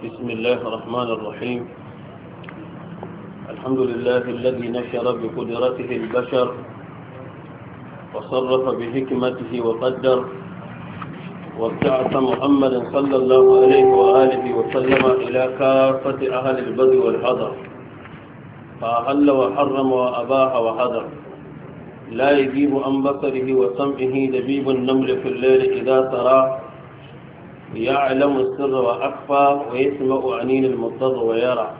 بسم الله الرحمن الرحيم الحمد لله الذي نشر بقدرته البشر وصرف بحكمته وقدر وابتعث محمدا صلى الله عليه وآله وسلم إلى كافة أهل البدو والحضر فأهل وحرم وأباح وحضر لا يجيب عن بصره وسمعه دبيب النمل في الليل إذا تراه يعلم السر وأخفى ويسمع عنين المضطر ويرى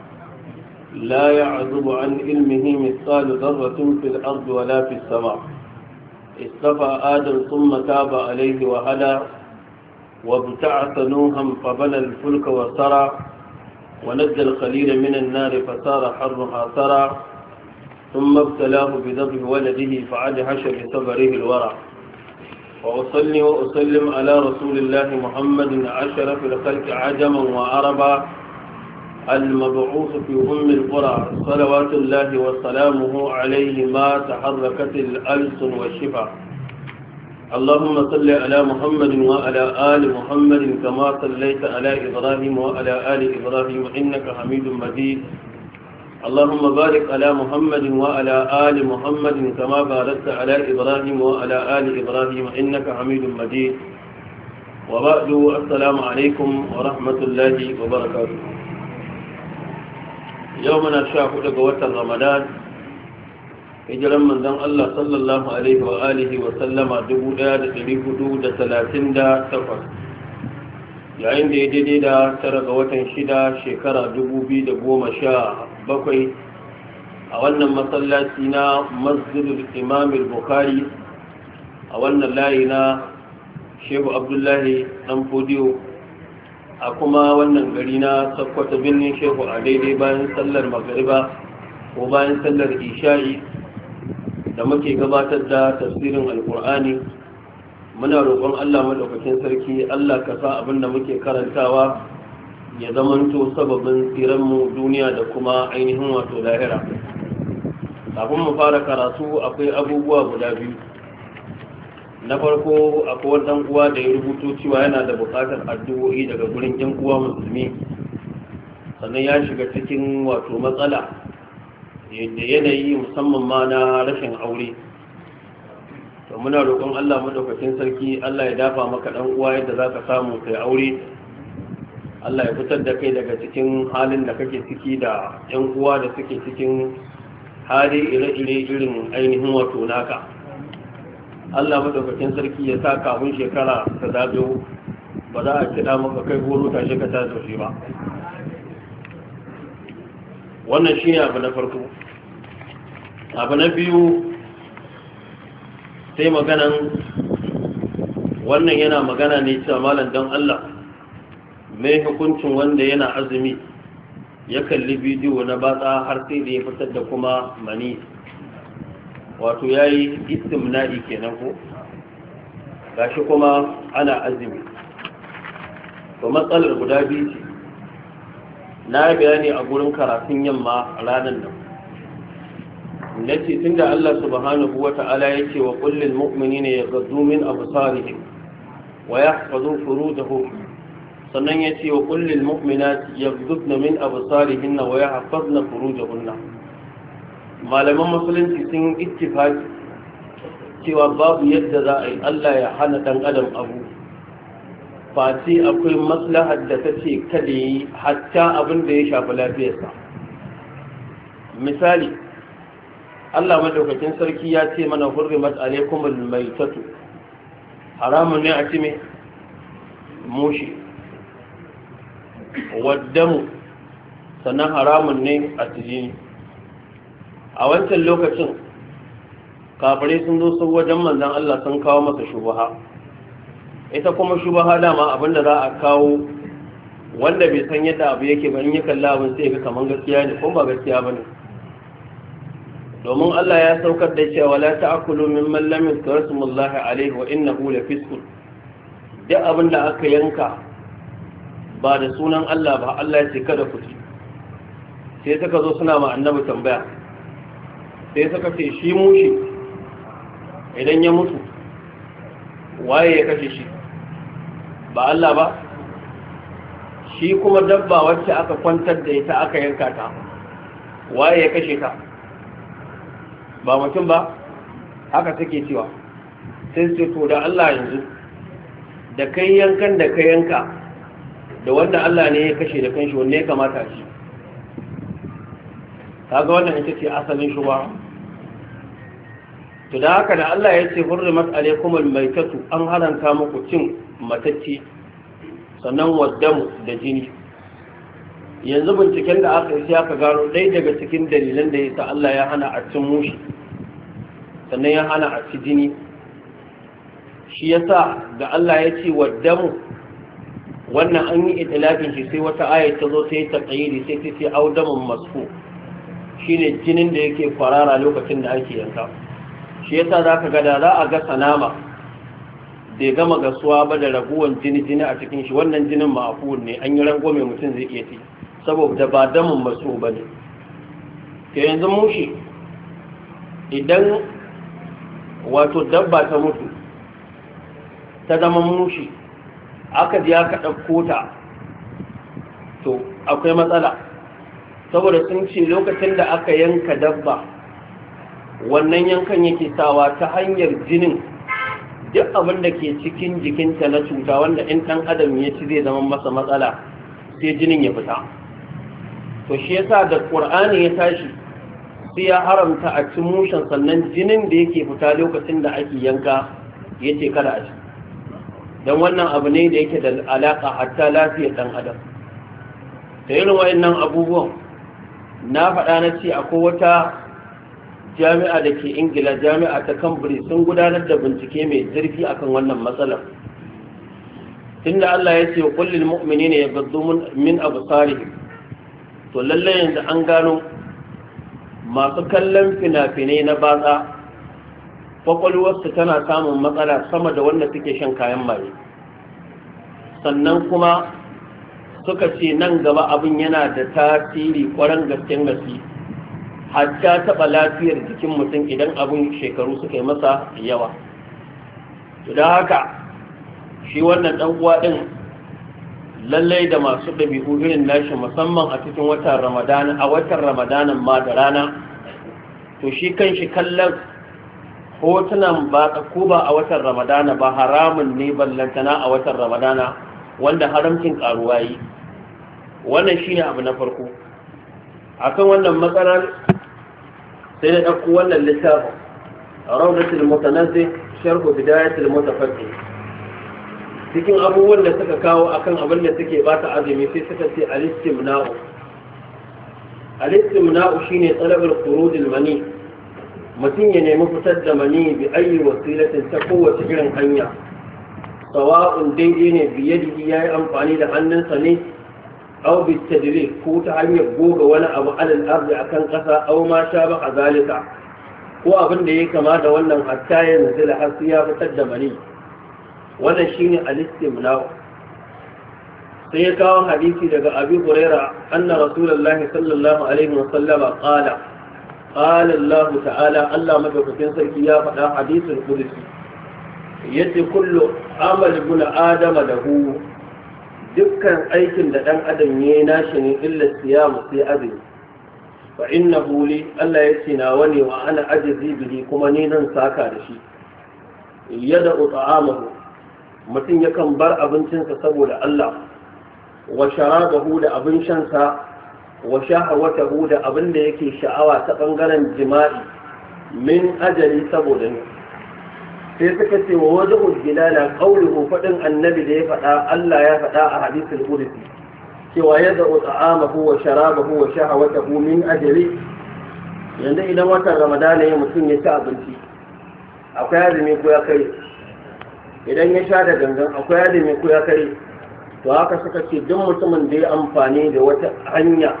لا يعذب عن علمه مثقال ذرة في الأرض ولا في السماء اصطفى آدم ثم تاب عليه وهلا وابتعث نوحا فبنى الفلك وسرى ونجى الخليل من النار فصار حرها سرى ثم ابتلاه بذبح ولده فعاد حشر بصبره الورع وأصلي وأسلم على رسول الله محمد عشر في الخلق عجما وعربا المبعوث في أم القرى صلوات الله وسلامه عليه ما تحركت الألسن والشفا اللهم صل على محمد وعلى آل محمد كما صليت على إبراهيم وعلى آل إبراهيم إنك حميد مجيد اللهم بارك على محمد وعلى آل محمد كما باركت على إبراهيم وعلى آل إبراهيم إنك حميد مجيد وبعد السلام عليكم ورحمة الله وبركاته يومنا شاف لقوة رمضان هجرا من ذن الله صلى الله عليه وآله وسلم دبودا لتريه دود ثلاثين دا تفر yayin da ya daidai da tara ga watan shida shekara 2016 bakwai a wannan masallaci na masjidul Imamil bukari a wannan layi na shehu abdullahi dan fodiyo a kuma wannan gari na sakwata birnin shehu a daidai bayan sallar magariba ko bayan sallar isha'i da muke gabatar da tafsirin alkur'ani muna roƙon allah maɗaukakin sarki allah ka sa abin da muke karantawa ya zamanto sababin tsiranmu duniya da kuma ainihin wato lahira kafin mu fara karatu akwai abubuwa guda biyu na farko akwai wani uwa da ya rubuto cewa yana da bukatar addu'o'i daga gurin yan uwa musulmi sannan ya shiga cikin wato matsala da yanayi musamman ma na rashin aure to muna roƙon Allah madaukakin sarki Allah ya dafa maka dan uwa yadda zaka samu kai aure Allah ya fitar da kai daga cikin halin da kake ciki da yan uwa da suke cikin hali ire-ire irin ainihin wato naka Allah madaukakin sarki ya sa kamun shekara ta zaɓe ba za a kiɗa maka kai goro ta shi ka ta ba wannan shi abu na farko abu na biyu sai maganan wannan yana magana ne cewa malam don Allah mai hukuncin wanda yana azumi ya kalli bidiyo na batsa har sai da ya fitar da kuma mani wato ya yi istimna'i kenan ko shi kuma ana azumi to matsalar guda biyu ce na bayani a gurin karatun yamma ranar nan na ce tun da Allah subhanahu wa ta'ala ya ce wa kullum mu'mini ne ya gaddu min abu sarihim wa ya fazo furu da hukum sannan ya ce wa kullin mu'minat zubna min na wa da kunna. malaman musulunci sun ittifaqi cewa babu yadda za a yi Allah ya hana dan adam abu Fati akwai maslahar da tace kada yi hatta abin da ya shafi lafiyarsa misali Allah madaukakin sarki ya ce mana hurrimat alaikumul maitatu haramun ne a cime mushi waddamu sannan haramun ne a tijini a wancan lokacin kafirai sun zo sun wajen manzan Allah sun kawo masa shubaha ita kuma shubaha dama abinda za a kawo wanda bai san yadda abu yake ba in ya kalla abin sai ga kaman gaskiya ne kuma ba gaskiya ba ne domin Allah ya saukar da cewa la ta'kulu mimman lam yuzkar ismullahi alayhi wa innahu lafisq duk abin da aka yanka ba da sunan Allah ba Allah ya ce kada ku ci sai suka zo suna ma annabi tambaya sai suka ce shi mushi idan ya mutu waye ya kashe shi ba Allah ba shi kuma dabba wacce aka kwantar da ita aka yanka ta waye ya kashe ta ba mutum ba haka take cewa sai su to da Allah yanzu da kai yankan da kai yanka da wanda Allah ne ya kashe da kanshi wanne ya kamata shi ga wannan ita ce asalin shuba to da haka da Allah ya ce kuma mai almaytatu an haranta muku cin matacce sannan waddamu da jini yanzu binciken da aka yi aka gano ɗaya daga cikin dalilan da ya sa Allah ya hana a cin mushi sannan ya hana a ci jini shi ya sa da Allah ya ce waddamu wannan an yi itilafin shi sai wata ayat ta zo sai ta tsayiri sai ta ce audamin Shi shine jinin da yake kwarara lokacin da ake yanka shi yasa za ka gada za a gasa nama da gama gasuwa ba da raguwan jini jini a cikin shi wannan jinin ma'afuwar ne an yi rango mai mutum zai iya ci saboda ba damun masu ba ne ke yanzu mushi idan wato dabba ta mutu ta zama mushi aka ji aka ɗauko ta to akwai matsala saboda sun ce lokacin da aka yanka dabba wannan yankan yake sawa ta hanyar jinin duk abin da ke cikin jikinta na cuta wanda in ɗan adam ya ci zai zama masa matsala sai jinin ya fita to shi yasa da ƙur'ani ya tashi sai ya haramta a cin sannan jinin da yake fita lokacin da ake yanka ya ce kada a ci don wannan abu ne da yake da alaƙa hatta lafiyar ɗan adam ta irin wa'annan abubuwan na faɗa na ce akwai wata jami'a da ke ingila jami'a ta cambridge sun gudanar da bincike mai zurfi akan wannan matsalar tunda allah ya ce kullum mu'mini ne ya gazo min abu to lallai yanzu an gano masu kallon fina-finai na batsa kwakwalwarsu tana samun matsala sama da wanda suke shan kayan maye sannan kuma suka ce nan gaba abin yana da tasiri kwaran gasken gaske hatta taɓa lafiyar jikin mutum idan abin shekaru suka yi masa yawa da haka shi wannan ɗan uwa ɗin lallai da masu ɗabi'u irin nashi musamman a cikin watan ramadana a watan ramadanan ma da rana to shi kan shi kallon hotunan ba ko ba a watan ramadana ba haramun ne ballantana a watan ramadana wanda haramcin karuwa yi wannan shi ne abu na farko A kan wannan matsalar sai na ɗauko wannan littafin raunatul mutanazzih ya bidayatul mutafaqqih cikin abubuwan da suka kawo akan abin da suke bata azumi sai suka ce na'u. Alistim na'u shi shine talabul khurujil mani' mutum ya nemi fitar da mani bi ayi wasilatin ta kowace irin hanya sawa'un daidai ne ya yayi amfani da hannunsa ne aw bi tadrib ko ta hanyar goga wani abu alal ardi akan kasa aw ma sha ba zalika ko abin da ya kama da wannan hatta ya nazila har sai ya fitar da mani wannan shine al-istimna sai ya kawo hadisi daga abi huraira anna rasulullahi sallallahu alaihi wa sallama qala qala ta'ala Allah madaukakin sarki ya faɗa hadisul qudsi yace kullu amal Adama da lahu dukkan aikin da dan adam yayi nashi ne illa siyam sai azumi fa innahu li Allah yace nawa ne wa ana ajzi bihi kuma ni nan saka da shi yada ta'amahu mutum yakan bar abincinsa saboda Allah wa sharabahu da abin shansa wa shahawatahu da abin da yake sha'awa ta bangaren jima'i min ajali saboda ne sai suka ce wa wajen ujjilala ƙaunin faɗin annabi da ya faɗa Allah ya faɗa a hadisul qudsi cewa ya da'u ta'amahu wa sharabahu wa shahawatahu min ajali yanzu idan watan ramadana ya mutum ya ci abinci akwai azumi ko ya kai idan ya sha da gangan akwai azumi ko ya kai to haka suka ce duk mutumin da ya amfani da wata hanya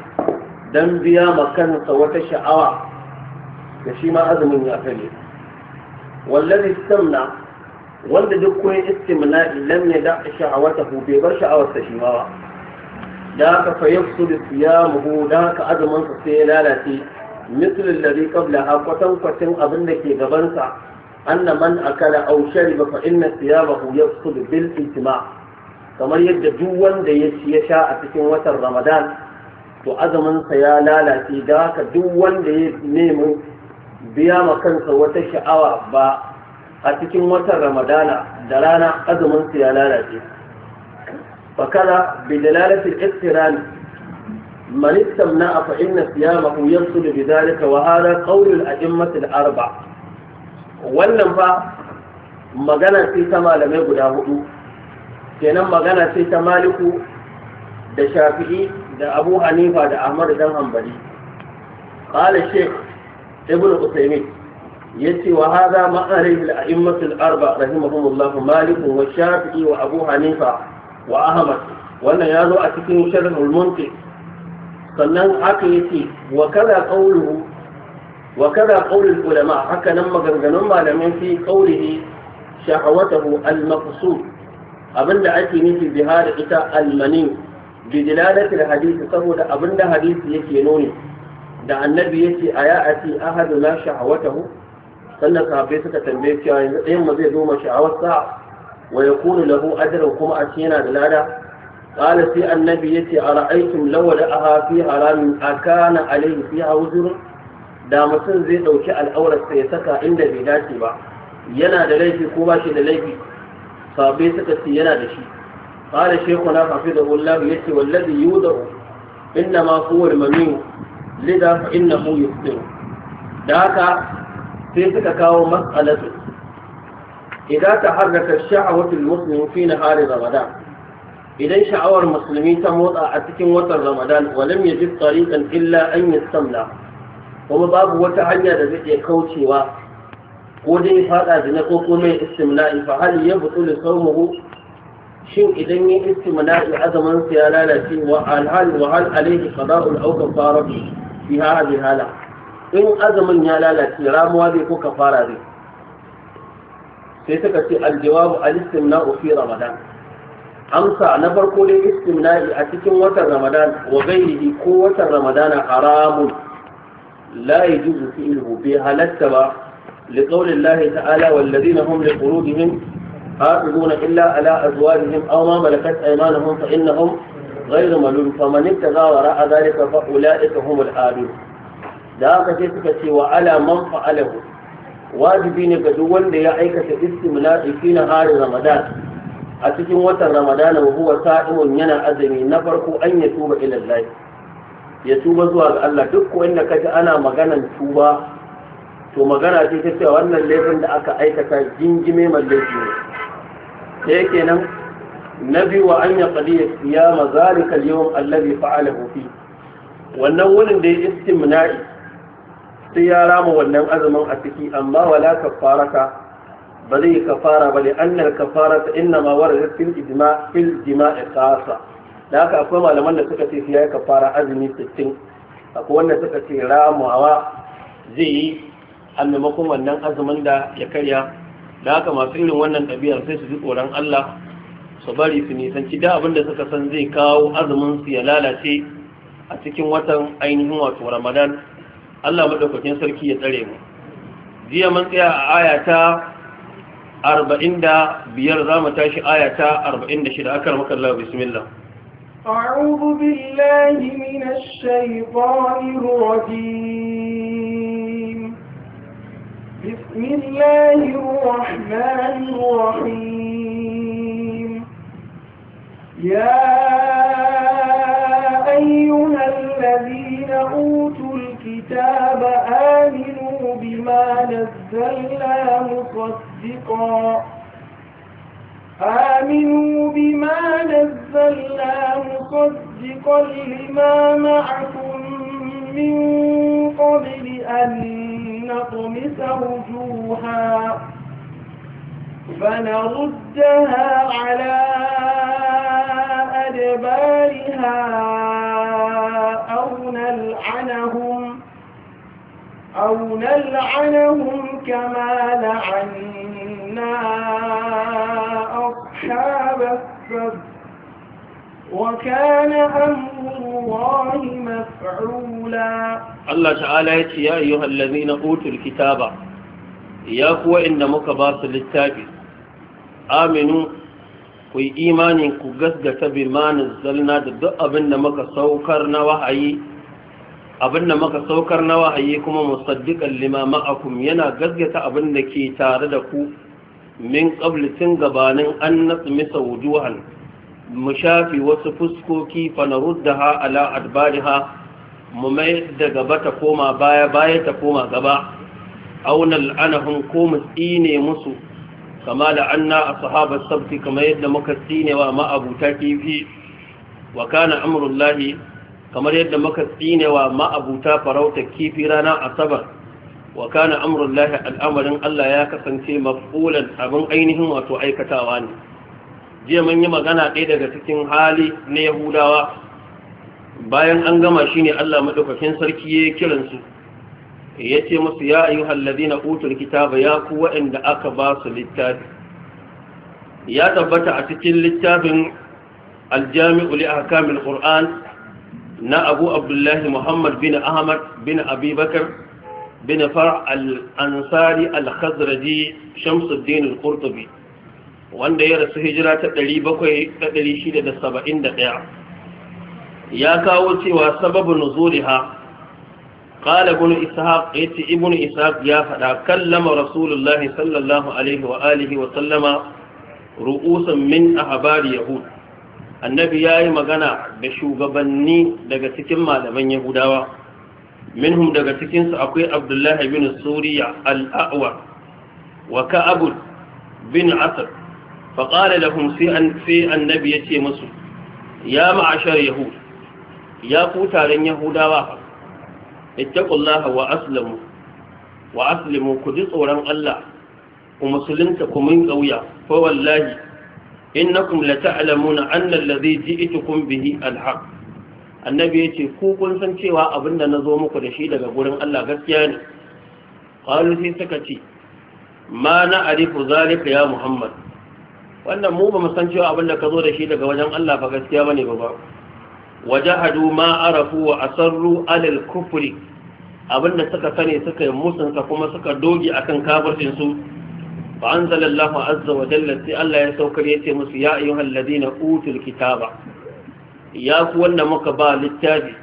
don biya makansa wata sha'awa da shi ma azumin ya kare wallazi istamna wanda duk kun istimna lam yada sha'awatahu bai bar sha'awarsa shi ma ba da haka fa yafsudu siyamuhu da haka azumin sa sai ya lalace مثل الذي قبلها قتن قتن أبن لكي غبنسا أن من أكل أو شرب فإن ثيابه يفسد بالإجماع kamar yadda duk wanda ya ci ya sha a cikin watan ramadan to azaminsa ya lalace da haka duk wanda ya nemi biya ma kansa wata sha'awa ba a cikin watan ramadana da rana azuminsa ya lalace fakala bi dalalatil iqtiran man istamna fa inna siyamahu yafsul bi dhalika wa hada qawlul a'immatil arba wannan fa magana sai ta malamai guda hudu kenan magana sai ta maliku da shafi'i da abu hanifa da ahmad dan hanbali qala shaykh ibnu ya yace wa hadha ma'arif al al-arba rahimahumullah maliku wa shafi'i wa abu hanifa wa ahmad wannan ya zo a cikin sharhul munti sannan haka yace wa kaza qawluhu wa kaza qawlul ulama haka nan maganganun malamin fi qawlihi shahawatuhu al-maqsud Abin da ake nufi da ita almani bi dilalatil hadisi saboda abin da hadisi yake nuni da annabi yace aya ati ahadu la shahawatahu sannan sahabbai suka tambaye cewa yanzu ɗayan ma zai zo ma sha'awarsa wa yakunu lahu ajrun kuma a ce yana da lada qala sai annabi yace ara'aytum law la'aha fi haramin akana alayhi fi wuzur da mutum zai dauki al'aurar sa ya saka inda bai dace ba yana da laifi ko ba shi da laifi sahabbai suka ce yana da shi qala shaykhuna hafizahu Allah yace wallazi yudu innama huwa al-mamin lida fa innahu yusdir da haka sai suka kawo mas'alatu idza taharraka ash-sha'watu al-muslim fi nahar ramadan idan sha'awar musulmi ta motsa a cikin watan ramadan walam ya ji tsariƙan illa an yi samla kuma babu wata hanya da zai kaucewa ko dai fada zina ko kuma mai istimna'i fa hal ya butul sawmuhu shin idan ya istimna'i azaman sa ya lalace wa alhal wa hal alayhi qada'un aw kafara fi hadhihi hala in azaman ya lalace ramuwa zai ko kafara zai sai suka ce aljawabu al-istimna'u fi ramadan amsa na farko dai istimna'i a cikin watan ramadan wa gairihi ko watan ramadana haramun la yajuzu fi'luhu bi halatta ba لقول الله تعالى والذين هم لقلوبهم حافظون إلا على أزواجهم أو ما ملكت أيمانهم فإنهم غير ملول فمن ابتغى وراء ذلك فأولئك هم الآبين ذاك جسك سوى على من فعله واجبين كدول ليعيك استملاء في نهار رمضان أتكي موتى رمضان وهو سائم ينا أزمي نفرق أن يتوب إلى الله يتوب زوال الله دك إنك أنا مغنى توبة to magana ce ta cewa wannan laifin da aka aikata jingime mai laifi ne ta yake nan na biyu wa an ya tsadiya siya mazalika yawan allabi fa'ala hufi wannan wurin da ya istimna'i sai ya rama wannan azumin a ciki amma wala kafarata ba zai kafara ba ne, annar ta, inna ma wara da fil ijma fil jima'i khasa da haka akwai malaman da suka ce sai ya kafara azumi 60 akwai wanda suka ce ramawa zai yi a maimakon wannan azumin da ya karya da haka masu irin wannan ɗabi'ar sai su ji tsoron Allah su bari su nisanci da abin da suka san zai kawo azumin su ya lalace a cikin watan ainihin wato Ramadan Allah maɗaukakin sarki ya tsare mu jiya mun tsaya a aya ta biyar, za mu tashi aya ta shida akar maka Allah bismillah أعوذ بالله من الشيطان الرجيم بسم الله الرحمن الرحيم يا أيها الذين أوتوا الكتاب آمنوا بما نزلنا مصدقا آمنوا بما نزلنا مصدقا لما معكم من قبل أن نطمس وجوها فنردها على أدبارها أو نلعنهم أو نلعنهم كما لعنا أصحاب السبت وكان أمر الله مفعولا Allah ta'ala ya ce ya yi hallabi na otul kitaba ya kuwa inda muka basu littafi aminu kuyi yi imanin ku gasgata bi manin zalna da duk abinda muka saukar na wahaye. abinda muka saukar na wahayi kuma musaddiƙan lima ma'akum yana gasgata abinda ke tare da ku min ƙablitin gabanin an natsumi mu shafi wasu fuskoki fa da rudda ha ala adbariha mu mai da gaba ta koma baya baya ta koma gaba auna la'anahum ko mu tsine musu kama la'anna ashabar sabti kamar yadda muka tsine wa ma'abuta kifi wa kana kamar yadda muka tsine wa ma'abuta farauta kifi rana asabar wa kana amrullahi al'amarin Allah ya kasance maf'ulan abin ainihin wato aikatawa ne jiya mun yi magana ɗaya daga cikin hali na yahudawa bayan an gama shi ne Allah maɗaukakin sarki ya kiransu ya ce musu ya ayi hallazi na utul kitaba ya ku waɗanda aka ba su littafi ya tabbata a cikin littafin aljami'u li ahkamil qur'an na abu abdullahi muhammad bin ahmad bin abubakar bin far al-ansari al-khazraji shamsuddin al wanda ya rasu hijira ta 771 ya kawo cewa sababu nuzuriha qala ibn ishaq yace ibn ishaq ya fada kallama rasulullahi sallallahu alaihi wa alihi wa sallama ru'usan min ahbari yahud annabi yayi magana da shugabanni daga cikin malaman yahudawa minhum daga cikin su akwai abdullahi bin suriya al-a'wa wa ka'ab bin asad fa qala lahum sai an sai annabi yace musu ya ma'ashar yahud ya ku taron yahudawa ittaqullaha wa aslamu wa aslimu ku ji tsoron Allah ku musulunta ku mun kauya fa wallahi innakum lata'lamuna anna alladhi ji'tukum bihi alhaq annabi yace ku kun san cewa abinda nazo muku da shi daga gurin Allah gaskiya ne qalu sai suka ce ma na'rifu zalika ya muhammad wannan mu ba mu san cewa abinda ka zo da shi daga wajen Allah ba gaskiya bane ba ba wajahadu ma arafu wa asarru alal kufri abinda suka sani suka yi musunsa kuma suka dogi akan kafircin su fa anzalallahu azza wa jalla sai Allah ya saukar ya ce musu ya ayyuhal ladina utul kitaba ya ku wanda muka ba littafi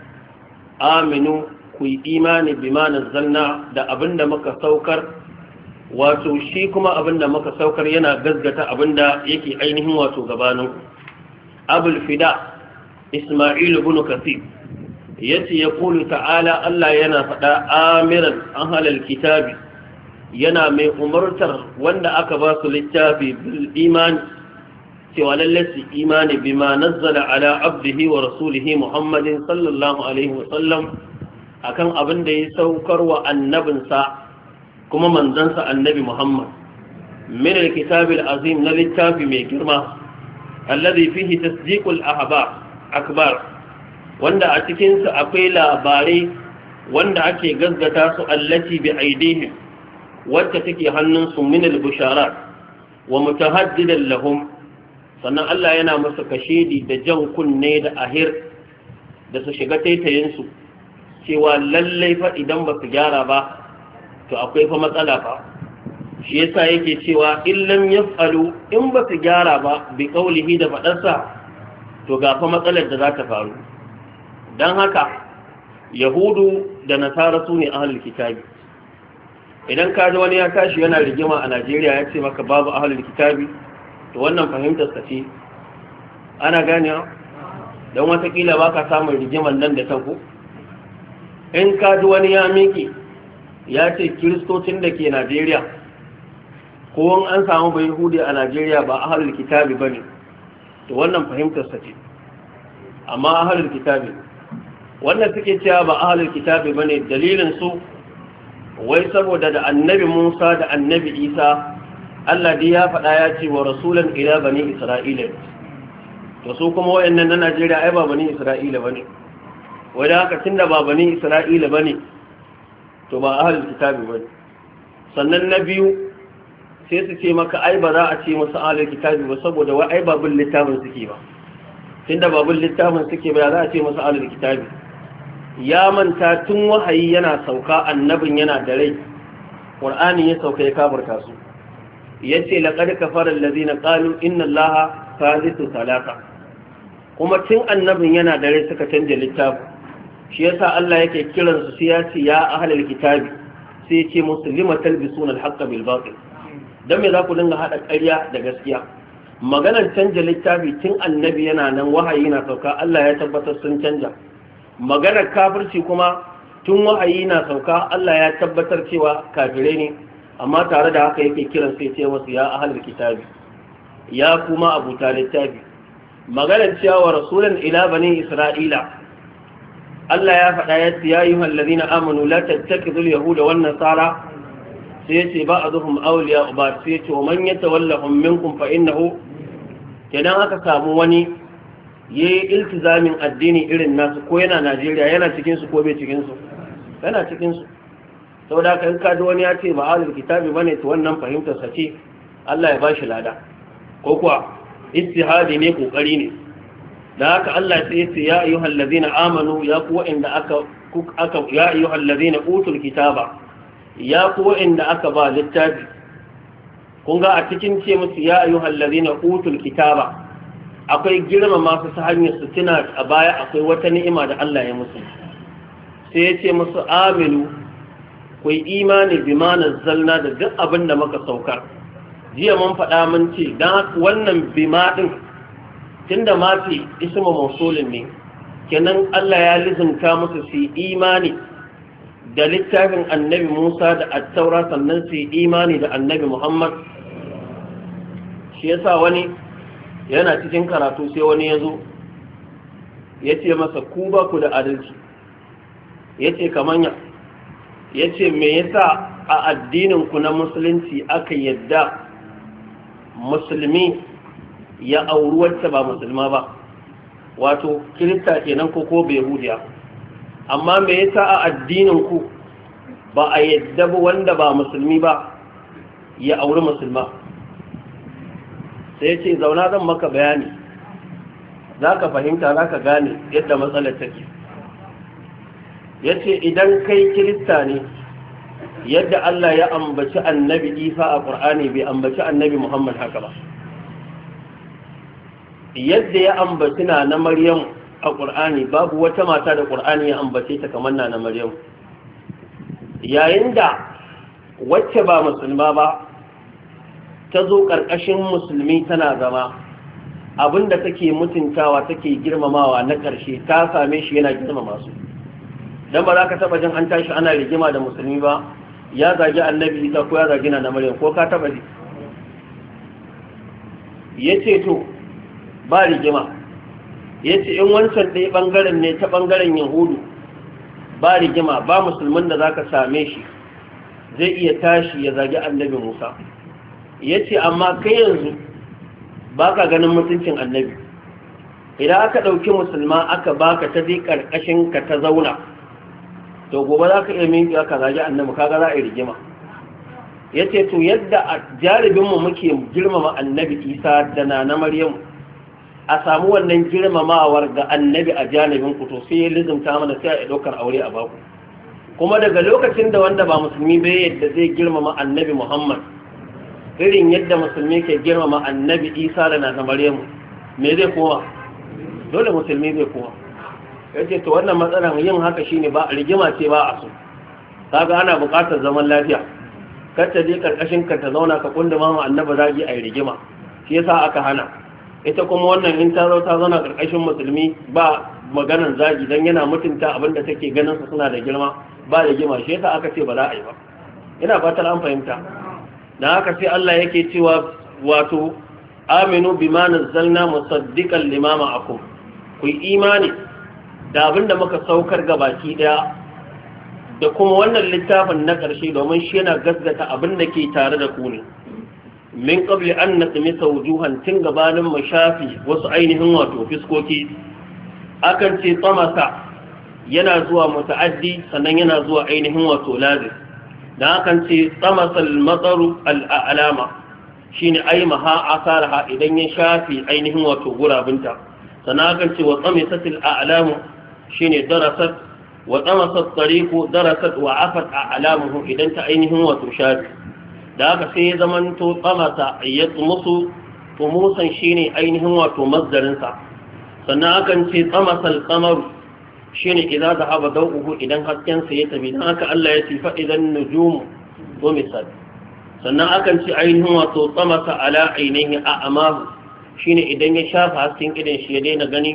aminu ku yi imani bima nazzalna da abinda muka saukar wato shi kuma abinda muka saukar yana gaggata abinda yake ainihin wato gabanin abul fida isma'il bin kasir yace ya kulu ta'ala Allah yana faɗa amiran an halal kitabi yana mai umartar wanda aka ba su littafi bil imani cewa lalle su imani bima nazzala ala abdihi wa rasulihi muhammadin sallallahu alaihi wa sallam akan abin da ya saukar wa annabinsa kuma manzansa annabi muhammad min kitabil azim na littafi mai girma alladhi fihi tasdiqul ahbab akbar wanda a cikinsu akwai labarai wanda ake gazgata su allati bi aidihim wacce take hannunsu min al-busharat wa mutahaddidan lahum sannan Allah yana masa kashedi da jan kunne da ahir da su shiga taitayinsu cewa lallai fa idan ba su gyara ba to akwai fa matsala fa shi yasa yake cewa illan yaf'alu in ba su gyara ba bi qaulihi da fadarsa to ga fa matsalar da za ta faru don haka yahudu da nasara su ne ahal kitabi idan ka ji wani ya tashi yana rigima a najeriya ya ce maka babu ahal kitabi to wannan fahimtar ka ce ana gane don watakila ba ka samun rigiman nan da tanko in ka ji wani ya miƙe ya ce kiristocin da ke najeriya ko an samu bai hudu a najeriya ba ahal kitabi ba ne to wannan fahimtar sa ce amma ahlul kitabi wannan suke cewa ba ahlul kitabi ba ne, dalilinsu wai saboda da annabi Musa da annabi Isa Allah dai ya faɗa ya ce wa rasulan ila bani Isra'ila to su kuma wayannan na Najeriya ai ba bani Isra'ila ba ne? da haka tunda ba bani Isra'ila ba ne? to ba ahlul kitabi ne. sannan na biyu sai su ce maka ai ba za a ce musu ahlul kitabi ba saboda wai ai babul littafin suke ba tunda babul littafin suke ba za a ce musu ahlul kitabi ya manta tun wahayi yana sauka annabin yana da rai qur'ani ya sauka ya kafarta su yace laqad kafara allazina qalu inna allaha thalithu salata kuma tun annabin yana da rai suka canja littafi shi yasa Allah yake kiransu sai ya ahlul kitabi sai ya ce musulima talbisuna al bil batil don me za ku dinga haɗa ƙarya da gaskiya maganar canja littafi tun annabi yana nan wahayi na sauka Allah ya tabbatar sun canja maganar kafirci kuma tun wahayi na sauka Allah ya tabbatar cewa kafirai ne amma tare da haka yake kiran sai ce wasu ya ahalar kitabi ya kuma abuta littafi maganar cewa rasulun ila bani isra'ila Allah ya faɗa ya ce ya yi hallazina amanu la tattakizu yahuda wannan nasara sai ce ba azuhum awliya ba sai yace wa man yatawallahum minkum fa kenan aka samu wani yi iltizamin addini irin nasu ko yana Najeriya yana cikinsu ko bai cikinsu? yana cikinsu? Sau da haka in wani ya ce ba ahlul kitabi ne ta wannan fahimtar ce Allah ya bashi lada ko kuwa istihadi ne kokari ne da haka Allah sai ce ya ayyuhal ladina amanu ya ku inda aka aka ya ayyuhal ladina utul kitaba ya ku wa'inda aka ba littafi kun ga a cikin ce musu ya ayu hallari na hutun kitaba akwai girma masu su hanyar su tuna a baya akwai wata ni'ima da Allah ya musu sai ya ce musu aminu ku yi imani bi ma zalna da duk abin da muka saukar jiya mun faɗa mun ce don wannan bima ɗin. tunda mafi fi ismu mausulin ne kenan Allah ya lizinta musu su imani da littafin annabi Musa da attaura sannan su yi imani da annabi Muhammad shi yasa wani yana cikin karatu sai wani ya zo ya ce masa ku ba ku da adalci ya ce kamanya ya ce me yasa a addininku na musulunci aka yadda musulmi ya auri wacce ba musulma ba wato kirista kenan ko ko bai amma me yasa a addinin ku ba a yadda wanda ba musulmi ba ya auri musulma sai ce zauna zan maka bayani za ka fahimta za ka gane yadda matsalar take ya ce idan kai kirista ne yadda Allah ya ambaci annabi isa a ƙur'ani bai ambaci annabi muhammad haka ba yadda ya ambaci na na maryam a babu wata mata da ƙur'ani ya ambace ta kamar na maryam yayin da wacce ba musulma ba ta zo ƙarƙashin musulmi tana zama abinda take mutuntawa take girmamawa na ƙarshe ta same shi yana girmama su dan ba za ka taɓa jin an tashi ana rigima da musulmi ba ya zagi annabi isa ko ya zagi na maryam ko ka taɓa ji ya ce to ba rigima ya ce in wancan ɗaya ɓangaren ne ta ɓangaren yahudu ba rigima ba musulman da zaka same shi zai iya tashi ya zagi annabi musa ya ce amma kai yanzu ba ka ganin mutuncin annabi idan aka ɗauki musulma aka baka ta zai ƙarƙashin ka ta zauna to gobe za ka iya ya ka zagi annabi kaga za a yi rigima ya ce to yadda a jaribinmu muke girmama annabi isa da na na maryamu a samu wannan girmamawar ga annabi a janibin ku to sai ya lizumta mana sai a ɗaukar aure a baku kuma daga lokacin da wanda ba musulmi ba yadda zai girmama annabi muhammad irin yadda musulmi ke girmama annabi isa da na maryamu me zai kowa dole musulmi zai kowa yace to wannan matsalar yin haka shine ba rigima ce ba a su kaga ana buƙatar zaman lafiya kar ta je karkashin ka ta zauna ka kunda mama annabi zagi a rigima shi yasa aka hana ita kuma wannan in ta zo ta zauna ƙarƙashin musulmi ba maganan zagi don yana mutunta abin da take ganin su suna da girma ba da gima shi yasa aka ce ba za a yi ba ina fatar an fahimta dan haka sai Allah yake cewa wato aminu bima nazzalna musaddiqan lima ma'akum ku yi imani da abin da muka saukar ga baki daya da kuma wannan littafin na ƙarshe domin shi yana gaskata abin da ke tare da ku ne min qabli an natmisa wujuhan tun gabanin mu shafi wasu ainihin wato fiskoki akan ce tsamasa yana zuwa muta'addi sannan yana zuwa ainihin wato lazim dan akan ce tsamasa al-mataru al-alama shine ai maha asaraha idan ya shafi ainihin wato gurabinta sannan akan ce wa tsamisatil a'lamu shine darasat wa tsamasat tariqu darasat wa afat alamu idan ta ainihin wato shafi da haka sai ya zamanto tsamata ya tsumusu tumusan shine ainihin wato mazdarinsa sannan akan ce tsamasal kamaru shine idza zahaba dawuhu idan haskensa ya tafi dan haka Allah ya ce fa idan to tumisat sannan akan ce ainihin wato tsamasa ala ainihi a amahu shine idan ya shafa hasken idan shi ya daina gani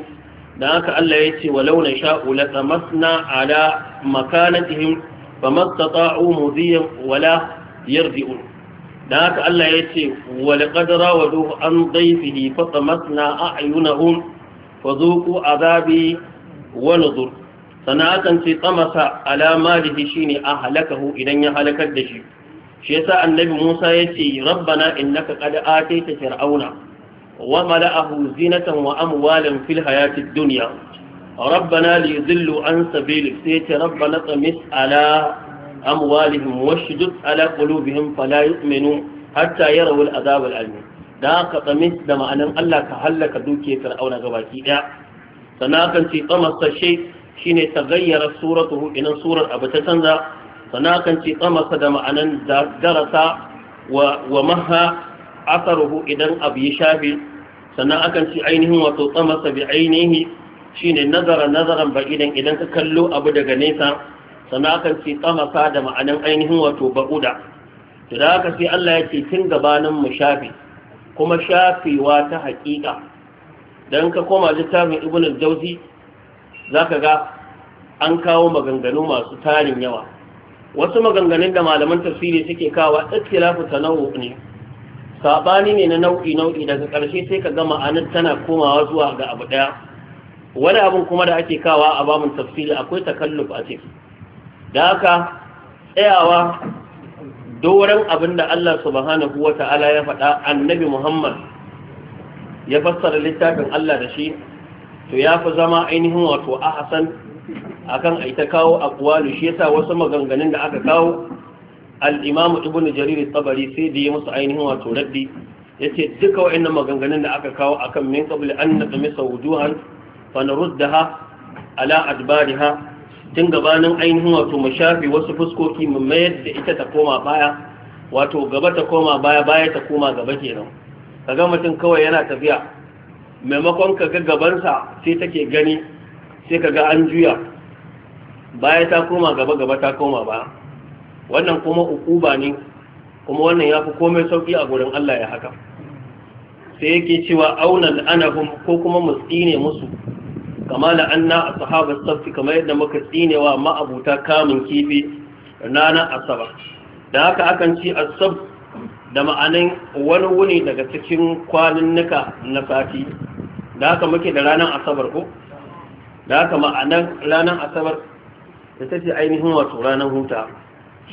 dan haka Allah ya ce walau na sha'u la tamasna ala makanatihim famattata'u mudiyan wala yardi'un da haka Allah ya ce wani ƙadara wa duhu an zaifihi fasa masna a ayyunahun fa zuku azabi wani zur sana akan ce tsamasa alama da shi shi ne a halakahu idan ya halakar da shi shi yasa annabi musa ya ce rabbana a qad ataita fir'auna wa mala'ahu zinatan wa amwalan fil hayatid dunya rabbana liyudillu an sabili sai ce rabbana tsamis ala amwalihim washdud ala qulubihim fala yu'minu hatta yarawu al'azab al'alim da ka tsame da ma'anin Allah ka hallaka duke fir'auna gabaki daya sana kan ce tsamasa shi ne shine tagayyara suratuhu idan surar abu ta canza sana kan ce tsamasa da ma'anan darasa wa maha asaruhu idan abu ya shafi sannan akan ce ainihin wato tsamasa bi ainihi Shi ne nazara nazaran ba idan idan ka kallo abu daga nesa sannan aka ce tsamaka da ma'anin ainihin wato ba'uda to da haka sai Allah yake ce tun gabanin mu shafe kuma shafewa ta haƙiƙa dan ka koma littafin ibn al-jawzi zaka ga an kawo maganganu masu tarin yawa wasu maganganun da malaman tafsiri suke kawo ikhtilafu tanawu ne sabani ne na nau'i nau'i daga ƙarshe sai ka ga ma'anar tana komawa zuwa ga abu daya wani abin kuma da ake kawa a bamun tafsiri akwai takalluf a ciki da haka tsayawa doron abin da Allah subhanahu wa ta'ala ya faɗa annabi Muhammad ya fassara littafin Allah da shi to ya fi zama ainihin wato a akan a ita kawo aqwalu shi yasa wasu maganganun da aka kawo Al'imamu imam Ibn Jarir tabari sai da ya musu ainihin wato raddi yace duka wayannan maganganun da aka kawo akan min qabl an nadmisa wujuhan fa ha, ala ha. tun gabanin ainihin wato mu shafe wasu fuskoki mu mayar da ita ta koma baya wato gaba ta koma baya baya ta koma gaba kenan kaga mutum kawai yana tafiya maimakon ka ga gabansa sai take gani sai ka ga an juya baya ta koma gaba gaba ta koma baya wannan kuma ukuba ne kuma wannan ya fi komai sauki a gurin Allah ya haka sai yake cewa auna anahum ko kuma mu tsine musu kama a sahabar safi kamar yadda muka tsinewa ma'abuta kamun kifi ranar asaba da haka akan ci asab da ma'anin wani wuni daga cikin kwaninnika na sati da haka muke da ranar asabar ko da haka ma'anar ranar asabar da ta ce ainihin wato ranar huta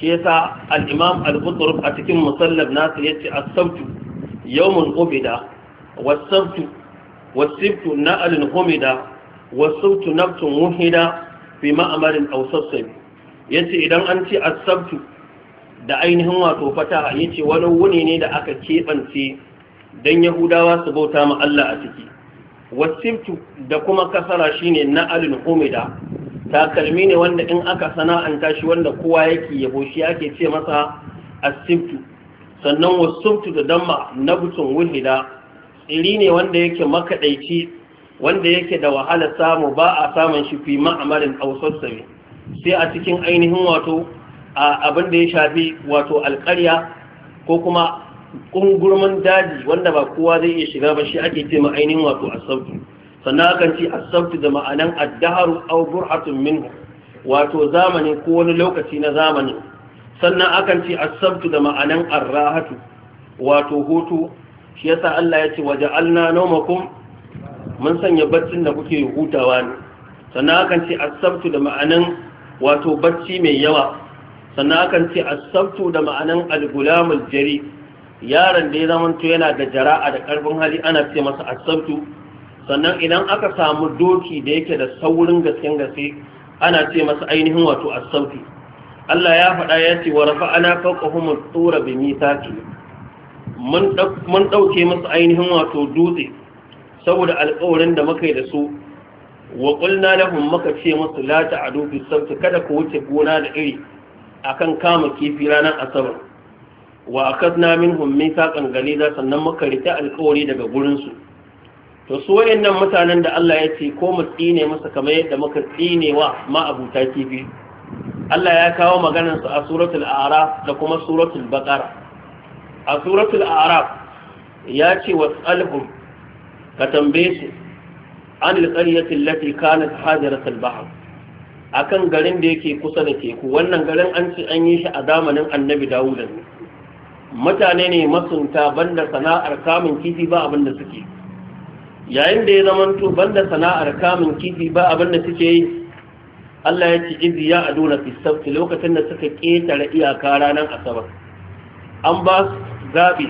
shi yasa sa imam al-qutruf a cikin musallab nasu ya as-sabtu yawmul qubida was-sabtu na sibtu humida wasautu nabtun muhida fi ma'amarin ausassabi ya ce idan an ce asabtu da ainihin wato fataha yace ce wani wuni ne da aka keɓance don yahudawa su bauta ma Allah a ciki wasibtu da kuma kasara shine na alin humida takalmi ne wanda in aka sana'anta shi wanda kowa yake yabo shi ake ce masa asibtu sannan wasubtu da damma na butun wuhida tsiri ne wanda yake makaɗaici wanda yake da wahala samu ba a samun shi fi ma'amalin ausassami sai a cikin ainihin wato abin da ya shafi wato alƙarya ko kuma ƙungurmin daji wanda ba kowa zai iya shiga ba shi ake ce ainihin wato asabtu sannan akan ce asabtu da ma'anan addaharu au burhatun minhu wato zamani ko wani lokaci na zamani sannan akan ce asabtu da ma'anan arrahatu wato hutu shi yasa Allah ya ce waje alna naumakum mun sanya baccin da kuke hutawa ne sannan akan ce asabtu da ma'anan wato bacci mai yawa sannan akan ce asabtu da ma'anan al-gulamul jari yaron da ya zamanto yana da jara'a da karfin hali ana ce masa asabtu sannan idan aka samu doki da yake da saurin gasken gase ana ce masa ainihin wato asabtu Allah ya faɗa ya ce wa ana fawqahum tura bi mithaqi mun mun dauke masa ainihin wato dutse saboda alƙawarin da muka yi da su wa qulna lahum maka ce musu la ta'adu fi kada ku wuce gona da iri akan kama kifi ranar asabar wa akadna minhum mithaqan galiza sannan muka rike alƙawari daga gurin su to su wayannan mutanen da Allah ya ce ko mu tsine musu kamar yadda muka tsinewa ma ta kifi Allah ya kawo maganar su a suratul a'raf da kuma suratul baqara a suratul a'raf ya ce was'alhum ka tambaye su an alƙaryati allati kanat hadirat al akan garin da yake kusa da teku wannan garin an ci an yi shi a zamanin annabi dawud ne mutane ne masunta banda sana'ar kamun kifi ba abin da suke yayin da ya zamanto banda sana'ar kamun kifi ba abin da suke yi Allah ya ce izi ya aduna fi sabti lokacin da suka ketare iyaka ranar asabar an ba su zaɓi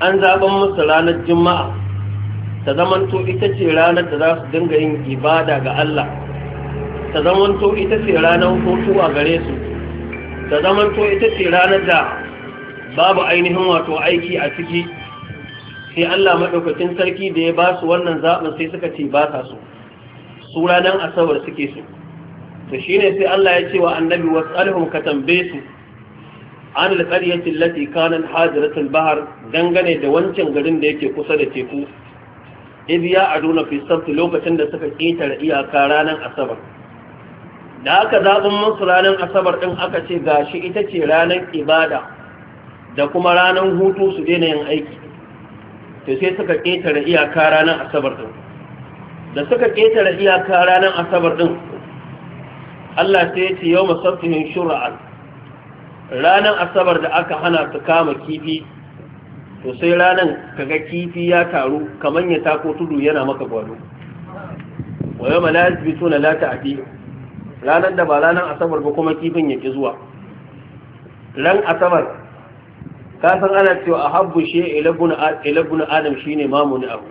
an zaɓen musu ranar juma'a ta zamanto ita ce ranar da za su dinga yin ibada ga Allah ta zamanto ita ce ranar hutu a gare su ta zamanto ita ce ranar da babu ainihin wato aiki a ciki sai Allah maɗaukacin sarki da ya ba su wannan zaɓin sai suka ce ba ta so su ranar asabar suke so to ne sai Allah ya ce wa annabi wasalhum ka tambaye su an alqaryati allati kanan hajiratul bahar dangane da wancan garin da yake kusa da teku idh aduna fi sabt lokacin da suka ketare iyaka ranar asabar da aka zaɓin musu ranar asabar ɗin aka ce gashi ita ce ranar ibada da kuma ranar hutu su daina yin aiki to sai suka ƙetare iyaka ranar asabar ɗin da suka ƙetare iyaka ranar asabar ɗin Allah sai ya ce yau masabtihin shura'an ranar asabar da aka hana su kama kifi to sai ranar kaga kifi ya taru kamar ya tako tudu yana maka gwado na yau tuna suna lata a ranar da ba ranar asabar ba kuma kifin ya ki zuwa ran asabar ka san ana cewa a habbu shi ilagun adam shine mamuni abu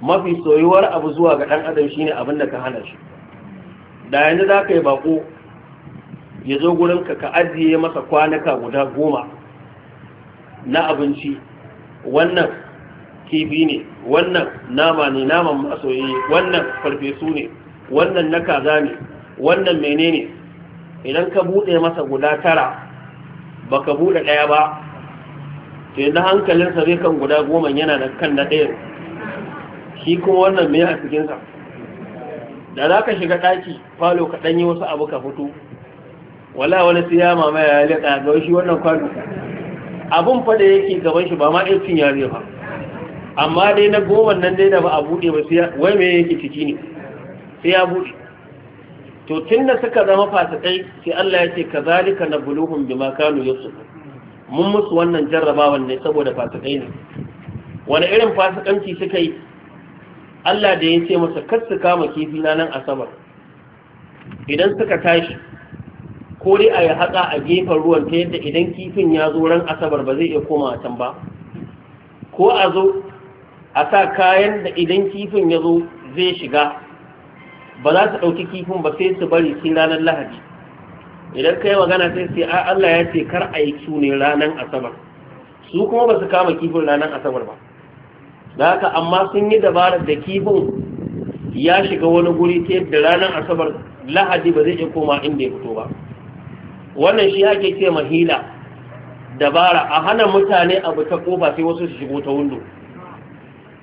mafi soyuwar abu zuwa ga dan adam shine abin da ka hana shi da yanzu za ka yi bako ya zo ka ka ajiye masa kwanaka guda goma na abinci wannan kifi ne wannan nama ne naman masoyi wannan farfesu ne wannan na kaza ne wannan menene idan ka buɗe masa guda tara baka buɗe ɗaya ba to yanzu hankalinsa zai kan guda goma yana da kan na shi kuma wannan mai a cikinsa da za ka shiga ɗaki falo ka yi wasu abu ka fito wala wani siya mamaya ya liƙa ga shi wannan kwano abin faɗa yake gaban shi ba ma cin yare ba amma dai na goma nan dai da ba a buɗe ba sai wai me yake ciki ne sai ya buɗe to tun da suka zama fasikai sai Allah ya ce ka na buluhun bima kanu yusufun mun musu wannan jarrabawan ne saboda fasikai ne wani irin fasikanci suka yi Allah da ya ce masa kar su kama kifi na nan asabar idan suka tashi ko dai a yi haɗa a gefen ruwan ta yadda idan kifin ya zo ran asabar ba zai iya koma a can ba ko a zo a sa kayan da idan kifin ya zo zai shiga ba za su ɗauki kifin ba sai su bari sai ranar lahadi idan ka yi magana sai sai a Allah ya ce kar a yi su ranar asabar su kuma ba su kama kifin ranar asabar ba da haka amma sun yi dabarar da kifin ya shiga wani guri ta yadda ranar asabar lahadi ba zai iya koma inda ya fito ba wannan shi ake ce mahila dabara a hana mutane abu ta kofa sai wasu su shigo ta wundo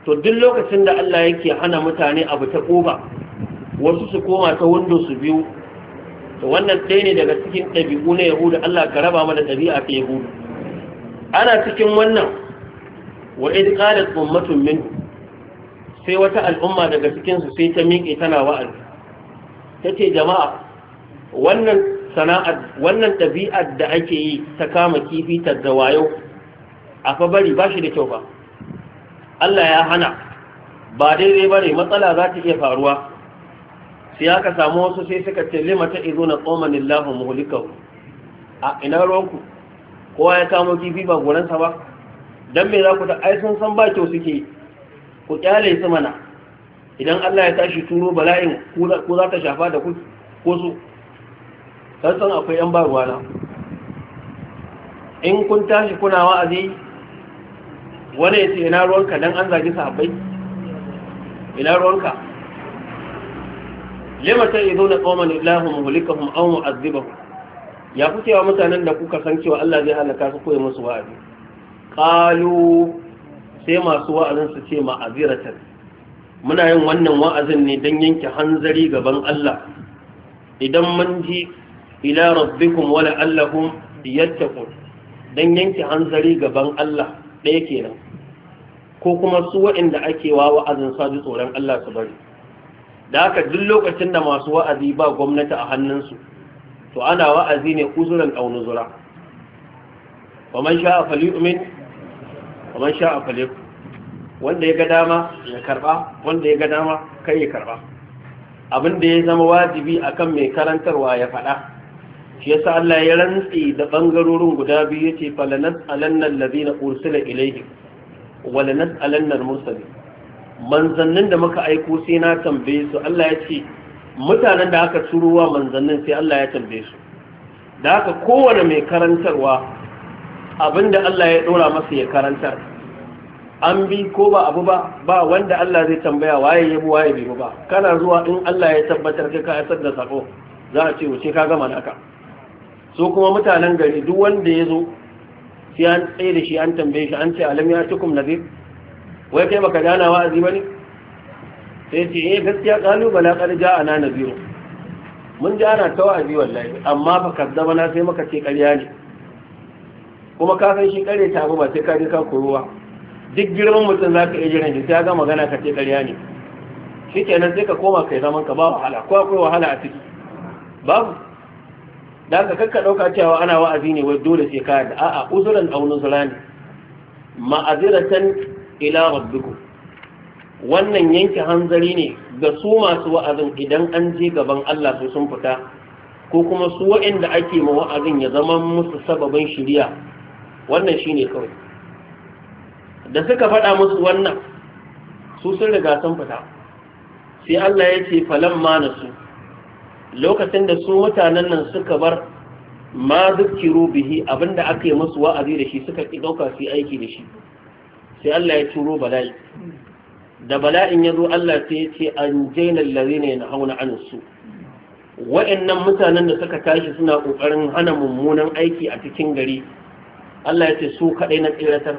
to duk lokacin da Allah yake hana mutane abu ta kofa wasu su koma ta wundo su biyu to wannan ɗaya ne daga cikin ɗabi'u na yahudu Allah ka raba mana ɗabi'a ta yahudu ana cikin wannan wa id qalat ummatun min sai wata al'umma daga cikin su sai ta miƙe tana wa'azi tace jama'a wannan sana'ar wannan ɗabi'ar da ake yi ta kama kifi ta da a fa bari ba shi da kyau ba Allah ya hana ba daidai ba ne matsala za ta iya faruwa sai aka samu wasu sai suka ce lima ta izo na tsoman lillahu muhulikau a ina ruwanku kowa ya kamo kifi ba guransa ba don me za ku ta ai sun san ba kyau suke ku kyale su mana idan Allah ya tashi turo bala'in ku za ta shafa da ku tsantsan akwai yan ba ruwana in kun tashi kuna wa'azi wani ya ce ina ruwanka don an zagi sahabbai ina ruwanka limata ta izo na tsoman ilahun mulikahun an mu'azzibahun ya fi cewa mutanen da kuka san cewa Allah zai halaka su koyi musu wa'azi Kalu sai masu wa'azin su ce ma'aziratar. muna yin wannan wa'azin ne don yanke hanzari gaban Allah idan mun ji ila rabbikum wa allahum yattaqun dan yanke hanzari gaban Allah ɗaya kenan ko kuma su waɗanda ake wa wa'azin sa ji tsoron Allah su bari da haka duk lokacin da masu wa'azi ba gwamnati a hannunsu to ana wa'azi ne uzuran aw nuzura wa man sha'a falyu'min wa man sha'a falyakfur wanda ya ga dama ya karba wanda ya ga dama kai ya karba abin da ya zama wajibi akan mai karantarwa ya faɗa shi yasa Allah ya rantsi da bangarorin guda biyu yace falanat alannal ladina ursila ilayhim walanat alannal mursalin manzannin da muka aiko sai na tambaye su Allah ya ce mutanen da aka turowa manzannin sai Allah ya tambaye su da haka kowane mai karantarwa abinda Allah ya dora masa ya karanta an bi ko ba abu ba ba wanda Allah zai tambaya waye yabo waye bai ba kana zuwa in Allah ya tabbatar kai ka isar da sako za a ce wuce ka gama naka su kuma mutanen gari duk wanda ya zo sai an tsaye da shi an tambaye shi an ce alam ya tukum nazir wai kai baka dana wa'azi bane sai ce eh gaskiya kalu bala qad ja'ana naziru mun ji ana ta wa'azi wallahi amma fa kazzaba na sai maka ce ƙarya ne kuma ka san shi ƙare ta ba sai ka je ka kuruwa duk girman mutum zaka iya jiran shi sai ga magana ka ce ƙarya ne shikenan sai ka koma kai zaman ka ba wahala ko akwai wahala a ciki babu da aka kakka ɗauka cewa ana wa'azi ne wai dole sai ka da a'a uzuran aw ne. ma'aziratan ila rabbikum wannan yanke hanzari ne ga su masu wa'azin idan an je gaban Allah su sun fita ko kuma su waɗanda ake ma wa'azin ya zama musu sababin shiriya wannan shine kawai da suka faɗa musu wannan su sun riga sun fita sai Allah ya ce falamma nasu lokacin da su mutanen nan suka bar ma zikiru bihi abinda aka yi musu wa'azi da shi suka ki dauka su aiki da shi sai Allah ya turo bala'i da bala'in ya zo Allah sai ya ce an jaina allazina yanhauna an su wa'annan mutanen da suka tashi suna ƙoƙarin hana mummunan aiki a cikin gari Allah ya ce su kadai na tsiratar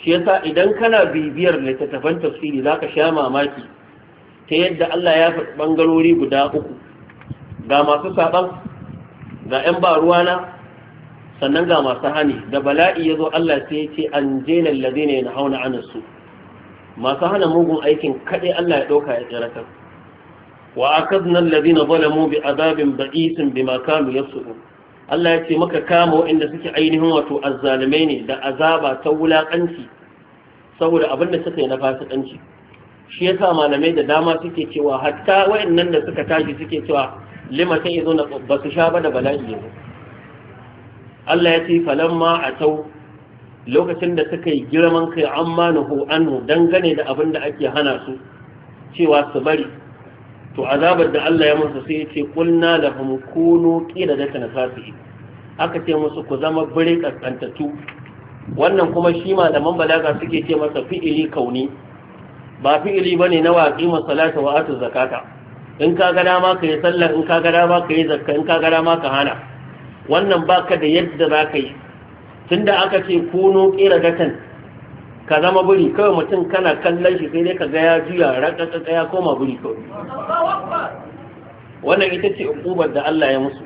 shi yasa idan kana bibiyar littattafan tafsiri zaka sha mamaki ta yadda Allah ya faɗi bangarori guda uku ga masu saɓan ga 'yan ba ruwana sannan ga masu hani da bala'i ya zo Allah sai ya ce an jena lalazi ne na hauna anasu masu hana mugun aikin kaɗai Allah ya ɗauka ya tsiratar wa na allazina mu bi adabin ba'isin makamu ya yafsuqun Allah ya ce maka kama waɗanda suke ainihin wato azzalumai ne da azaba ta wulaƙanci saboda abin da suka yi na fasikanci shi ya sa malamai da dama suke cewa hatta waɗannan da suka tashi suke cewa lima ya izo na ba su sha ba da bala'i ya zo Allah ya ce falamma a tau lokacin da suka yi girman kai an manahu anu dangane da abin da ake hana su cewa su bari to azabar da Allah ya musu sai ya ce kulna lahum kunu ta nasafi aka ce musu ku zama bire kaskantattu wannan kuma shi malaman balaga suke ce masa fi'ili kauni ba fi'ili bane na waqi masalata wa atu zakata in ka ga dama ka yi sallah in ka ga dama ka yi zakka in ka ga dama ka hana wannan baka da yadda za ka yi tunda aka ce kuno kira gatan ka zama buri kawai mutum kana kallon shi sai dai ka gaya ya juya rakaka ya koma buri kawai wannan ita ce ukubar da Allah ya musu